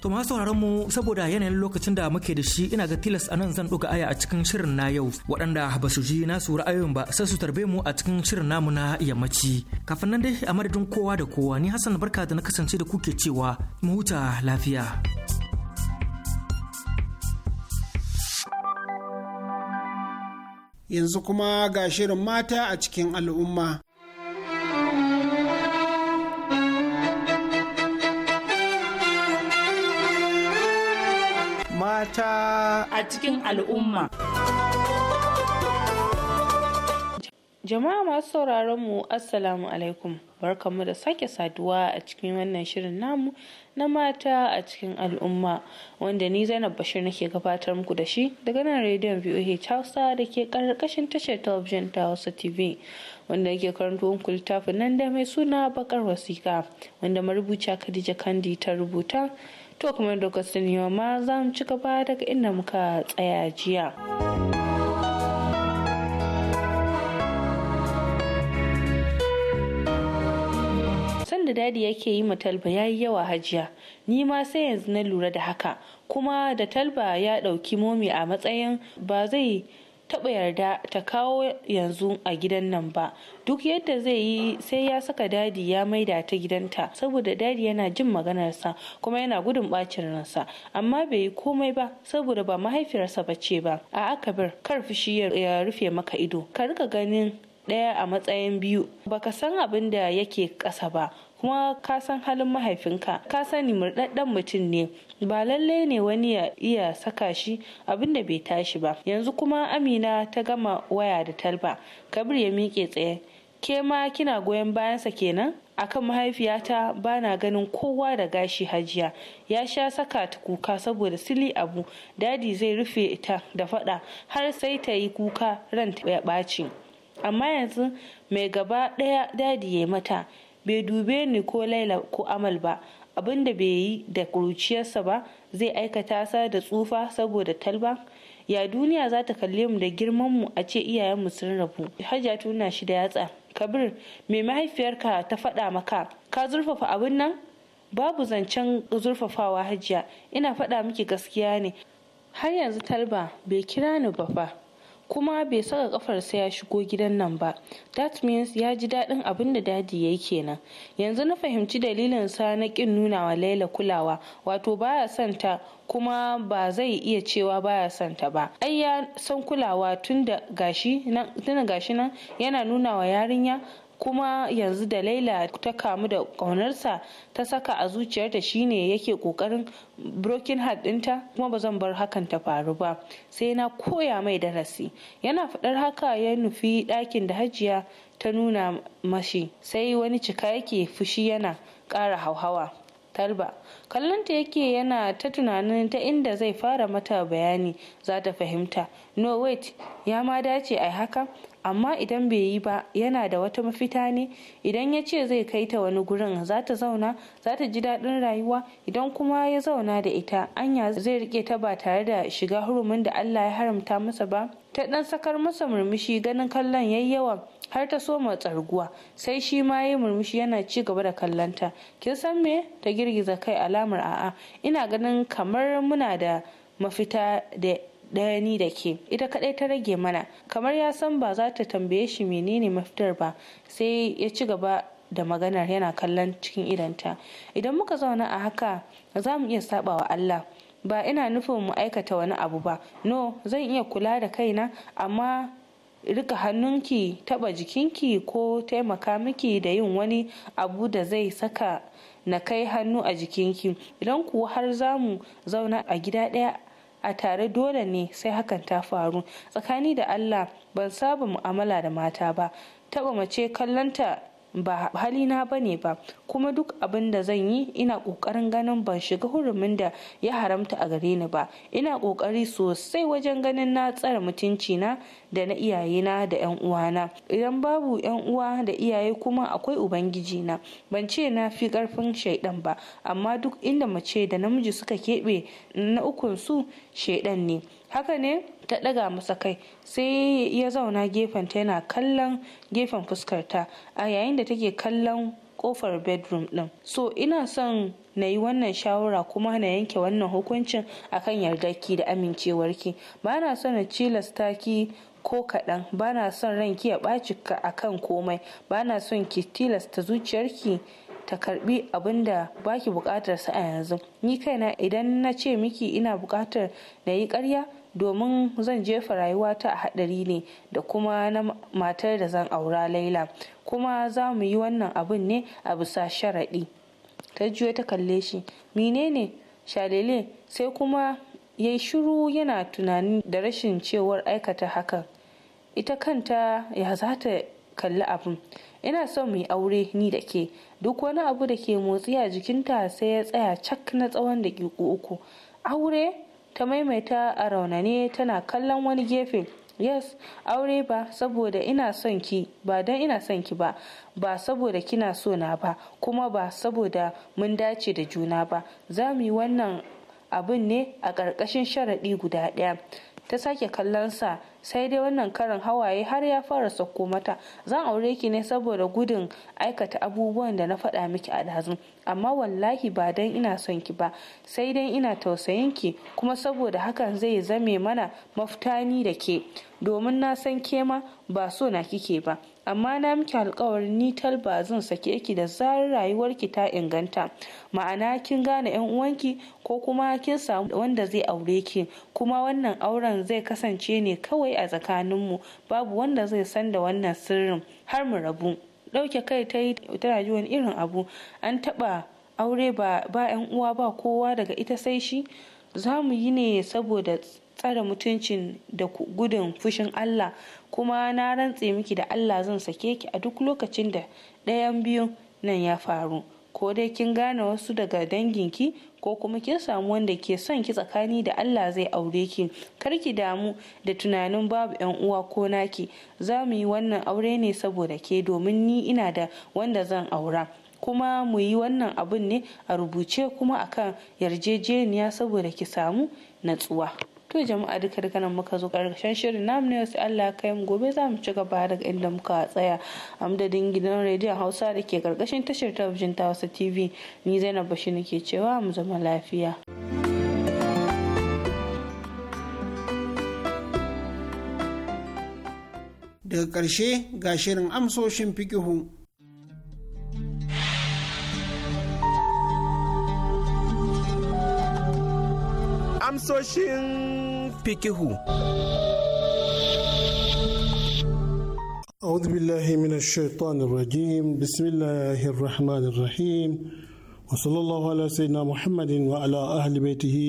to masu sauraron mu saboda yanayin lokacin da muke da shi ina ga tilas anan zan ɗuga aya a cikin shirin na yau waɗanda ba su ji nasu ra'ayoyin ba sai su tarbe mu a cikin shirin namu na yammaci kafin nan dai a madadin kowa da kowa ni hassan barka da na kasance da kuke cewa mu huta lafiya. yanzu kuma ga shirin mata a cikin al'umma. Mata a cikin al'umma. Jama'a masu sauraron mu Assalamu alaikum, barkanmu da sake saduwa a cikin wannan shirin namu na mata a cikin al'umma wanda ni Zainab Bashir nake gabatar muku da shi daga nan rediyon VOH Hausa da ke karkashin tashar talabijin ta Hausa TV wanda yake karanto muku littafin nan da mai suna bakar wasika wanda marubuca Khadija Kandi ta rubuta to kuma da sani ma za mu ci gaba daga inda muka tsaya jiya. kyautan da dadi yake yi ma talba ya yi yawa hajiya ni ma sai yanzu na lura da haka kuma da talba ya ɗauki momi a matsayin ba zai taɓa yarda ta kawo yanzu a gidan nan ba duk yadda zai yi sai ya saka dadi ya maida ta gidanta saboda dadi yana jin maganarsa kuma yana gudun bacin ransa amma bai yi komai ba saboda ba mahaifiyarsa ba ce ba a akabir kar fushi ya rufe maka ido ka rika ganin ɗaya a matsayin biyu Ba ka san abin da yake ƙasa ba kuma ka san halin mahaifinka ka sani murɗaɗɗen mutum ne ba lallai ne wani ya iya saka shi abinda bai tashi ba yanzu kuma amina ta gama waya da talba kabir ya miƙe tsaye ke ma kina goyon bayansa kenan akan mahaifiyata ba na ganin kowa da gashi hajiya ya sha saka ta kuka saboda sili abu dadi zai rufe ita da fada har sai ta yi kuka ranta ya ɓaci amma yanzu mai gaba ɗaya dadi ya mata bai dube ni ko laila ko amal ba abin da bai yi da kuruciyarsa ba zai aikata sa da tsufa saboda talba ya duniya za ta kalle mu da girman mu a ce iyayenmu sun rabu hajja tuna shi da yatsa kabir mai mahaifiyarka ta faɗa maka ka zurfafa abin nan babu zancen zurfafawa Hajiya. ina faɗa miki gaskiya ne har yanzu talba bai kira ni ba fa kuma bai saka kafarsa ya shigo gidan nan ba that means ya ji daɗin abin da dadi ya yi kenan yanzu na fahimci dalilin sa na ƙin nuna wa laila kulawa wato baya son kuma ba zai iya cewa baya son ba ai ya san kulawa tun da gashi nan yana nuna wa yarinya kuma yanzu da laila ta kamu da ƙaunarsa ta saka a zuciyarta shine yake ƙoƙarin broken heart ɗinta kuma ba zan bar hakan ta faru ba sai na koya mai darasi yana faɗar haka ya nufi ɗakin da hajiya ta nuna mashi sai wani cika yake fushi yana ƙara hauhawa talba kallonta yake yana ta tunanin ta inda zai fara mata bayani za ta fahimta no wait ya ma dace ai haka amma idan bai yi ba yana da wata mafita ne idan ya ce zai kai ta wani gurin za ta zauna za ta ji daɗin rayuwa idan kuma ya zauna da ita anya zai rike ta ba tare da shiga hurumin da Allah ya haramta masa ba ta ɗan sakar masa murmushi ganin kallon yayyawa har ta soma tsarguwa sai shi ma ya murmushi yana ci gaba da kallonta kin san me ta girgiza kai alamar a'a ina ganin kamar muna da mafita da ɗaya ni da ke ita kaɗai ta rage mana kamar ya san ba za ta tambaye shi menene mafitar ba sai ya ci gaba da maganar yana kallon cikin idanta idan muka zauna a haka za mu iya saba wa Allah ba ina nufin mu aikata wani abu ba no zan iya kula da kaina amma rika hannunki taba jikinki ko taimaka miki da yin wani abu da zai saka na kai hannu a jikinki idan kuwa har za mu zauna a gida ɗaya a tare dole ne sai hakan ta faru tsakani da allah ban saba mu'amala da mata ba taba mace kallonta ba halina ba ne ba kuma duk abin da zan yi ina ƙoƙarin ganin ban shiga hurumin da ya haramta a gare ni ba ina ƙoƙari sosai wajen ganin na tsare mutunci na da na iyayena da yan uwana idan babu yan uwa da iyaye kuma akwai ubangiji na ban ce na fi karfin shaidan ba amma duk inda mace da namiji suka keɓe na ukun su shaidan ne haka ne ta daga masa kai sai ya zauna gefen ta yana kallon gefen fuskarta a yayin da take kallon kofar bedroom din so ina son na yi wannan shawara kuma na yanke wannan hukuncin akan yardarki da amincewarki ba na son na cilasta ki ko kaɗan ba na son ranki ya ɓaci ka a kan komai ba na son ki tilasta zuciyarki ta karbi abin da baki buƙatar sa a yanzu ni kaina idan na ce miki ina buƙatar na yi karya domin zan jefa rayuwa ta a haɗari ne da kuma na matar da zan aura laila kuma za mu yi wannan abin ne a bisa sharaɗi ta juya ta kalle shi menene shalele sai kuma ya yi shiru yana tunanin da rashin cewar aikata hakan ita kanta ya za ta kalli abin ina son mu yi aure ni da ke duk wani abu da ke motsi a jikinta sai ya tsaya cak na tsawon daƙiƙu uku aure ta maimaita a raunane tana kallon wani gefe yes aure ba saboda ina son ki ba don ina son ki ba ba saboda kina so na ba kuma ba saboda mun dace da juna ba za mu yi wannan abin ne a ƙarƙashin sharaɗi guda ɗaya ta sake kallon sa sai dai wannan karin hawaye har ya fara sauko mata zan aure ki ne saboda gudun aikata abubuwan da na faɗa miki a dazun amma wallahi ba dan ina son ki ba sai dan ina tausayin ki kuma saboda hakan zai zame mana maftani da ke domin na san ke ba so na kike ba amma na miki alkawarin ni talba zan sake ki da zarar rayuwarki ta inganta ma'ana kin gane yan uwanki ko kuma kin samu wanda zai aure ki kuma wannan auren zai kasance ne kawai a tsakaninmu babu wanda zai san da wannan sirrin har mu rabu ɗauke kai ta yi tana ji wani irin abu an taɓa aure ba yan uwa ba kowa daga ita sai shi za mu yi ne saboda tsare mutuncin da gudun fushin Allah kuma na rantse miki da Allah zan sake ki a duk lokacin da ɗayan biyun nan ya faru ko dai kin gane wasu daga danginki ko kuma kin samu wanda ke son ki tsakani da Allah zai aure ki kar ki damu da tunanin babu yan uwa ko naki za mu yi wannan aure ne saboda ke domin ni ina da wanda zan aura kuma mu yi wannan abun ne a rubuce kuma akan yarjejeniya saboda ki samu natsuwa to jama'a duka duka nan muka zo karshen shirin namu ne wasu Allah kai mu gobe za mu ci gaba daga inda muka tsaya a madadin gidan rediyon Hausa da ke karkashin tashar talabijin ta Hausa TV ni Zainab Bashir nake cewa mu zama lafiya. Daga karshe ga shirin amsoshin fikihu. Amsoshin fikihu. أعوذ بالله من الشيطان الرجيم بسم الله الرحمن الرحيم وصلى الله على سيدنا محمد وعلى أهل بيته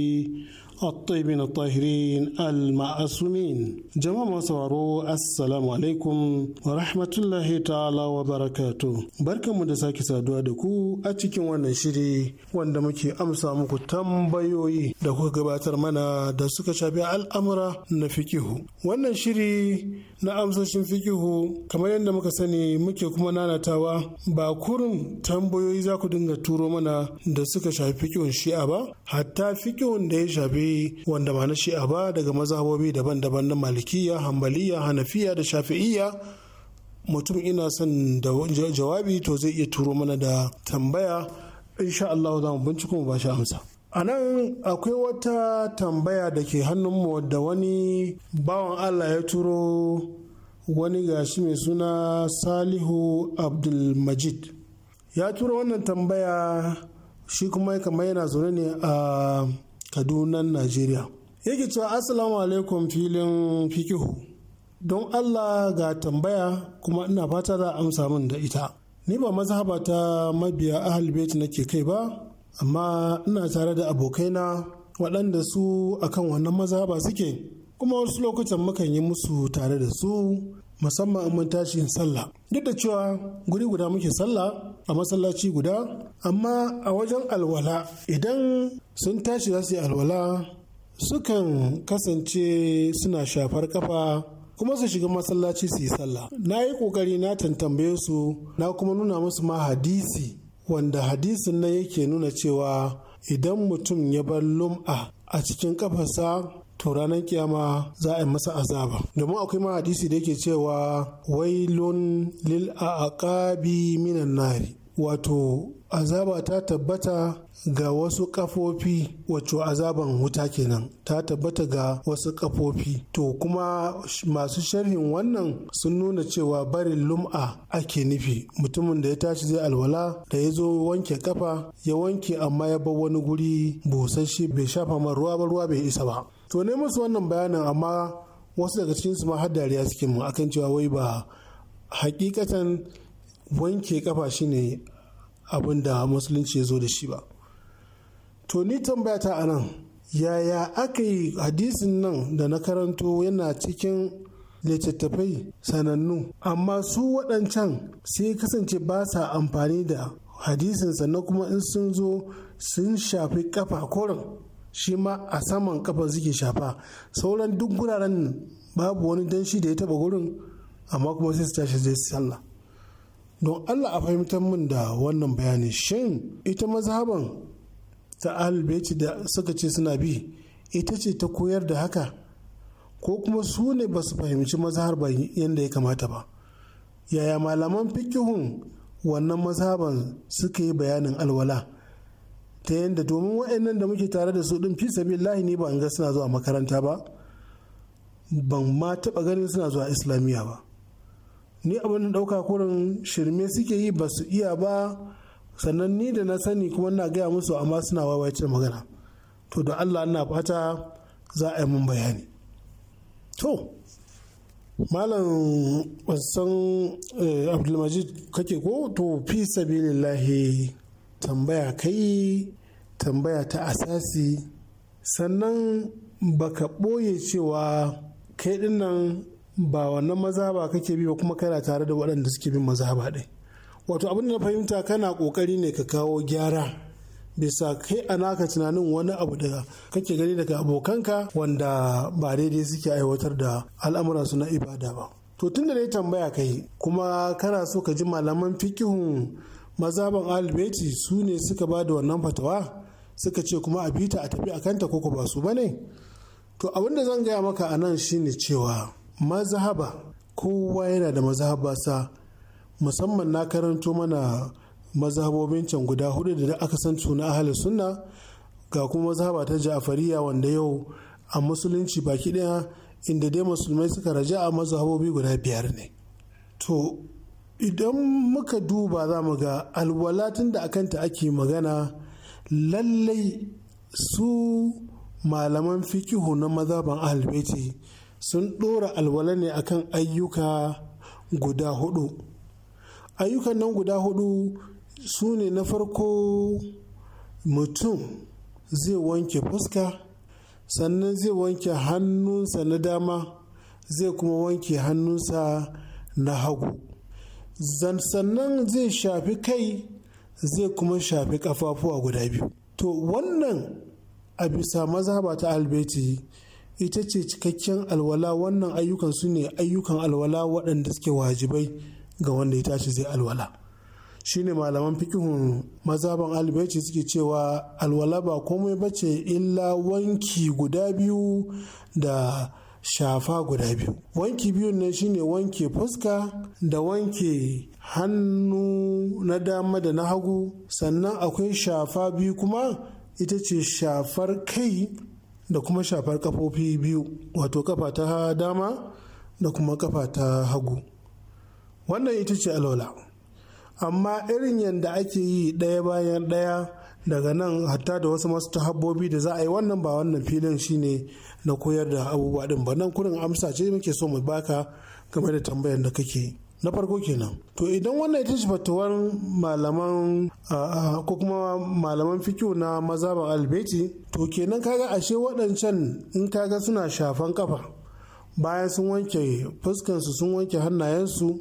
الطيبين الطاهرين المعصومين جماعة sauraro assalamu alaikum wa rahmatullahi ta'ala wa barakatu barkanmu da sake saduwa da ku a cikin wannan shiri wanda muke amsa muku tambayoyi da kuka gabatar mana da suka shafi al'amura na fikihu wannan shiri na amsoshin fikihu kamar yadda muka sani muke kuma nanatawa ba kurin tambayoyi za ku dinga turo mana da suka shafi fikihun shi'a ba hatta fikihun da ya shafi mazhabobi wanda ba na shi'a ba daga mazhabobi daban-daban na malikiya hambaliya hanafiya da shafi'iyya mutum ina son da jawabi to zai iya turo mana da tambaya insha Allah za mu binciko mu ba shi amsa a nan akwai wata tambaya da ke hannun mu wadda wani bawan Allah ya turo wani gashi mai suna salihu abdulmajid ya turo wannan tambaya shi kuma kamar yana zaune ne a kadunan najeriya yake cewa assalamu alaikum filin fikihu don allah ga tambaya kuma ina fata da amsa min da ita ni ba mazhaba ta mabiya ahal bait nake kai ba amma ina tare da abokaina waɗanda su akan wannan mazhaba suke kuma wasu lokutan mukan yi musu tare da su musamman in mun tashi yin sallah duk da cewa guri guda muke sallah a masallaci guda amma a wajen alwala idan sun tashi za su yi alwala sukan kasance suna shafar kafa kuma su shiga masallaci su yi sallah na yi kokari na tantambaye su na kuma nuna musu ma hadisi wanda hadisin nan yake nuna cewa idan mutum ya bar lum'a a cikin kafarsa to ranar kiyama za a yi masa azaba domin akwai ma hadisi da yake cewa wailun lil aqabi minan nari wato azaba ta tabbata ga wasu kafofi wacce azaban wuta kenan ta tabbata ga wasu kafofi to kuma masu sharhin wannan sun nuna cewa barin lum'a ake nufi mutumin da ya tashi zai alwala da ya zo wanke kafa ya wanke amma ya bar wani guri busasshe bai shafa ruwa ba ruwa bai isa ba to ne musu wannan bayanin amma wasu daga cikinsu su ma har dariya suke mu akan cewa wai ba hakikatan wanke kafa shine abin da musulunci ya zo da shi ba to ni tambaya ta anan yaya aka yi hadisin nan da na karanto yana cikin littattafai sanannu amma su waɗancan sai kasance ba sa amfani da hadisin sannan kuma in sun zo sun shafi kafa koren shi ma a saman kafa suke shafa sauran duk guraren babu wani danshi da ya taba gurin amma kuma sai su tashi zai sallah don allah a fahimtar min da wannan bayani shin ita mazhaban ta albeci da suka ce suna bi ita ce ta koyar da haka ko kuma su ne ba su fahimci mazhar ba yadda ya kamata ba yaya malaman fikihun wannan mazhaban suka yi bayanin alwala ta yadda domin wa'annan da muke tare da su ɗin fi lahi ne ban ga suna zuwa makaranta ba ban ma taba ganin suna zuwa islamiyya ba ni abin da dauka kurin shirme suke yi ba su iya ba sannan ni da na sani kuma na gaya musu amma suna wawaice magana to da allah na fata za a yi mun bayani to malam wasan eh, abdulmajid kake ko to fi lahi. tambaya kai tambaya ta asasi sannan baka ɓoye cewa kai dinnan ba wannan maza ba kake bi ba kuma kana tare da waɗanda suke bin maza ba ɗai wato abin da na fahimta kana ƙoƙari ne ka kawo gyara bisa kai a naka tunanin wani abu da kake gani daga abokanka wanda ba daidai suke aiwatar da al'amuransu na ibada ba to tun da dai tambaya kai kuma kana so ka ji malaman fikihun mazaban albeti su ne suka ba da wannan fatawa suka ce kuma a bita a tafi a kanta koko ba su bane to abin da zan gaya maka a nan shine cewa mazhaba kowa yana da mazhabasa musamman na karanto mana mazhabobin can guda hudu da aka san na ahli sunna ga kuma mazahaba ta ja'fariya wanda yau a musulunci baki daya inda dai musulmai suka raja a mazhabobi guda biyar ne to idan muka duba za mu ga alwalatin da akanta ake magana lallai su malaman fikihu na mazaban ahalbeti sun ɗora alwala ne akan ayyuka guda hudu ayyukan nan guda hudu su ne na farko mutum zai wanke fuska sannan zai wanke hannunsa na dama zai kuma wanke hannunsa na hagu zansannan zai shafi kai zai kuma shafi kafafuwa guda biyu to wannan a bisa mazhaba ta albaiti ita ce cikakken alwala wannan ayyukan su ne ayyukan alwala waɗanda suke wajibai ga wanda ya tashi zai alwala shine malaman fikihun mazhaban albaiti suke cewa alwala ba komai bace illa wanki guda biyu da shafa guda biyu wanki biyun nan shine wanke fuska da wanke hannu na dama da na hagu sannan akwai shafa biyu kuma ita ce shafar kai da kuma shafar kafofi biyu wato kafa ta dama da kuma kafa ta hagu wannan ita ce alwala amma irin yadda ake yi ɗaya bayan ɗaya daga nan hatta da wasu masu tahabbobi da za a yi wannan ba wannan filin shine na koyar da abubuwa din ba nan kurin amsa ce muke so mu baka game da tambayar da kake na farko kenan to idan wannan ita ce fatuwar malaman ko kuma malaman fikiyo na mazaban albeti to kenan kaga ashe waɗancan in kaga suna shafan kafa bayan sun wanke fuskansu sun wanke hannayensu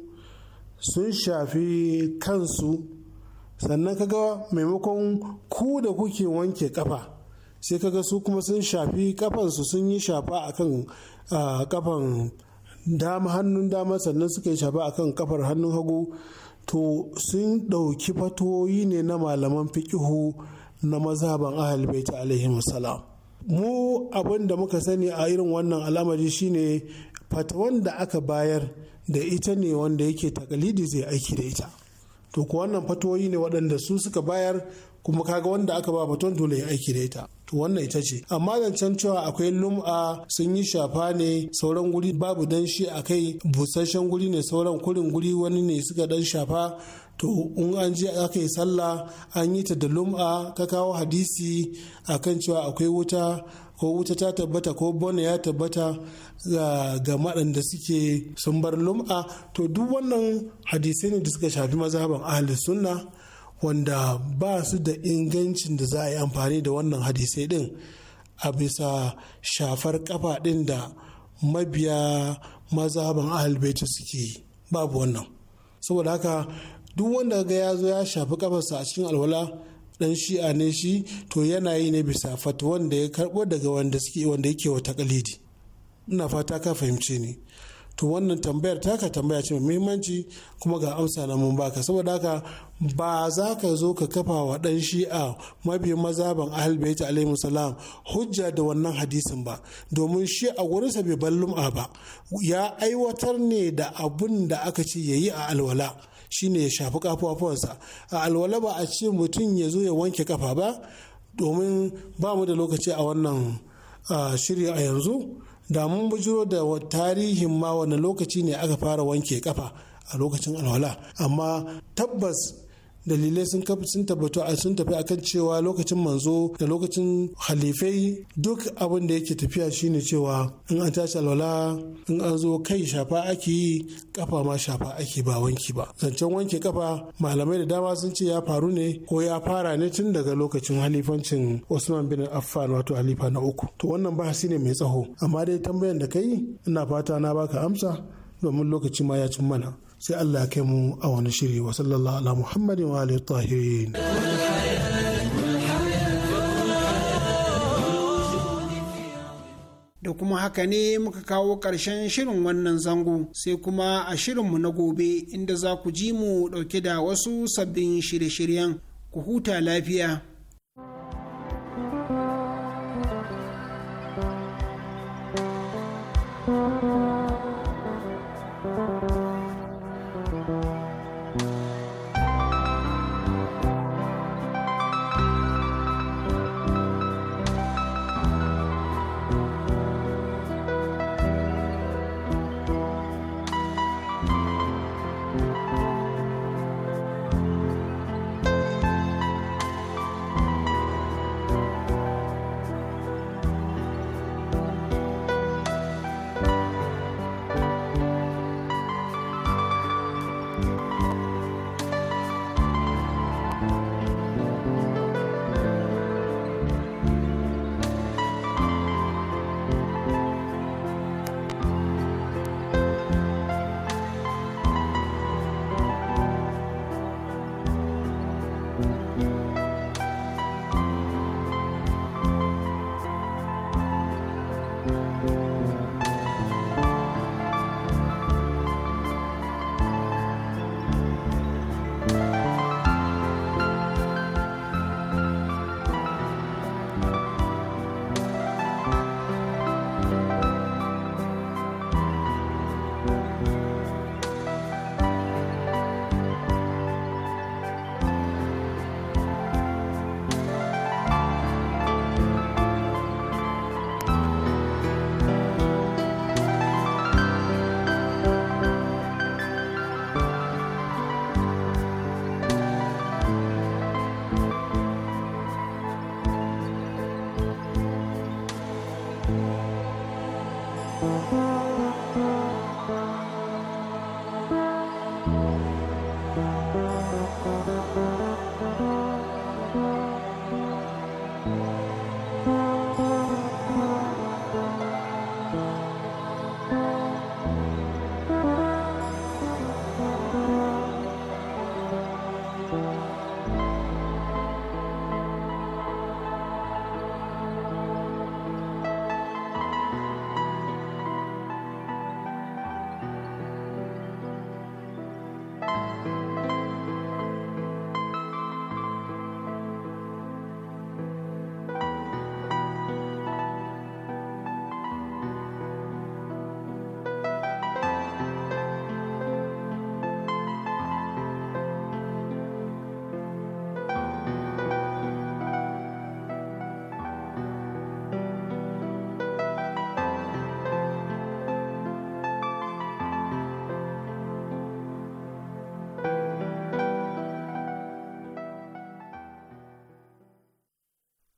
sun shafi kansu sannan kaga maimakon ku da kuke wanke kafa sai kaga su kuma sun shafi kafansu sun yi shafa akan kafan dama hannun dama sannan suka yi shafa akan kafar hannun hagu to sun ɗauki fatoyi ne na malaman fikihu na mazhaban ahal baita alaihi salam mu abin da muka sani a irin wannan al'amari shine fatawan da aka bayar da ita ne wanda yake takalidi zai aiki da ita to ku wannan fatoyi ne waɗanda su suka bayar kuma kaga wanda aka ba baton dole ya aiki da ita to wannan ita ce amma zancen cewa akwai lum'a sun yi shafa ne sauran guri babu danshi a kai busasshen guri ne sauran kurin guri wani ne suka dan shafa to in an je aka yi sallah an yi ta da lum'a ka kawo hadisi akan cewa akwai wuta ko wuta ta tabbata ko bone ya tabbata ga maɗanda suke sun bar lum'a to duk wannan hadisai ne da suka shafi mazhaban ahli sunna wanda ba su da ingancin da za a yi amfani da wannan hadisai din a bisa shafar kafa din da mabiya mazhaban ahalbaitu suke yi babu wannan saboda haka duk wanda ga ya zo ya shafi kafarsa a cikin alwala dan shi'a ne shi to yana yi ne bisa fata wanda ya karbo daga wanda suke wanda yake wa takalidi ina fata ka fahimce ni to wannan tambayar taka tambaya ce muhimmanci kuma ga amsa na mun baka saboda haka ba za ka zo ka kafa wa dan shi'a mafi mazaban ahal bayti alaihi salam hujja da wannan hadisin ba domin shi a wurin bai ballum ba ya aiwatar ne da abun da aka ce ya yi a alwala shine ya shafi kafafuwansa a alwala ba a ce mutum ya zo ya wanke kafa ba domin ba mu da lokaci a wannan shirya a yanzu da mun bujiro da tarihin ma wani lokaci ne aka fara wanke kafa a lokacin alwala amma tabbas dalilai sun sun tabbatu a sun tafi akan cewa lokacin manzo da lokacin halifai duk abin da yake tafiya shine cewa in an tashi alwala in an zo kai shafa ake yi kafa ma shafa ake ba wanki ba zancen wanke kafa malamai da dama sun ce ya faru ne ko ya fara ne tun daga lokacin halifancin Usman bin Affan wato halifa na uku to wannan bahasi ne mai tsaho amma dai tambayan da kai ina fata na baka amsa domin lokaci ma ya cin mana sai Allah ya kai mu a wani shiri wa sallallahu ala Muhammadin wa alihi tahirin da kuma haka ne muka kawo ƙarshen shirin wannan zango sai kuma a shirinmu na gobe inda za ku ji mu ɗauke da wasu sabbin shirye-shiryen ku huta lafiya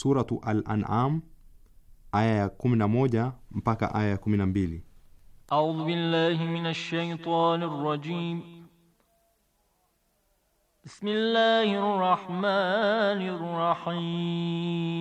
Suratu Al-An'am aya ya 11 mpaka aya ya 12. A'udhu billahi minash shaitanir rajim. Bismillahir rahmanir rahim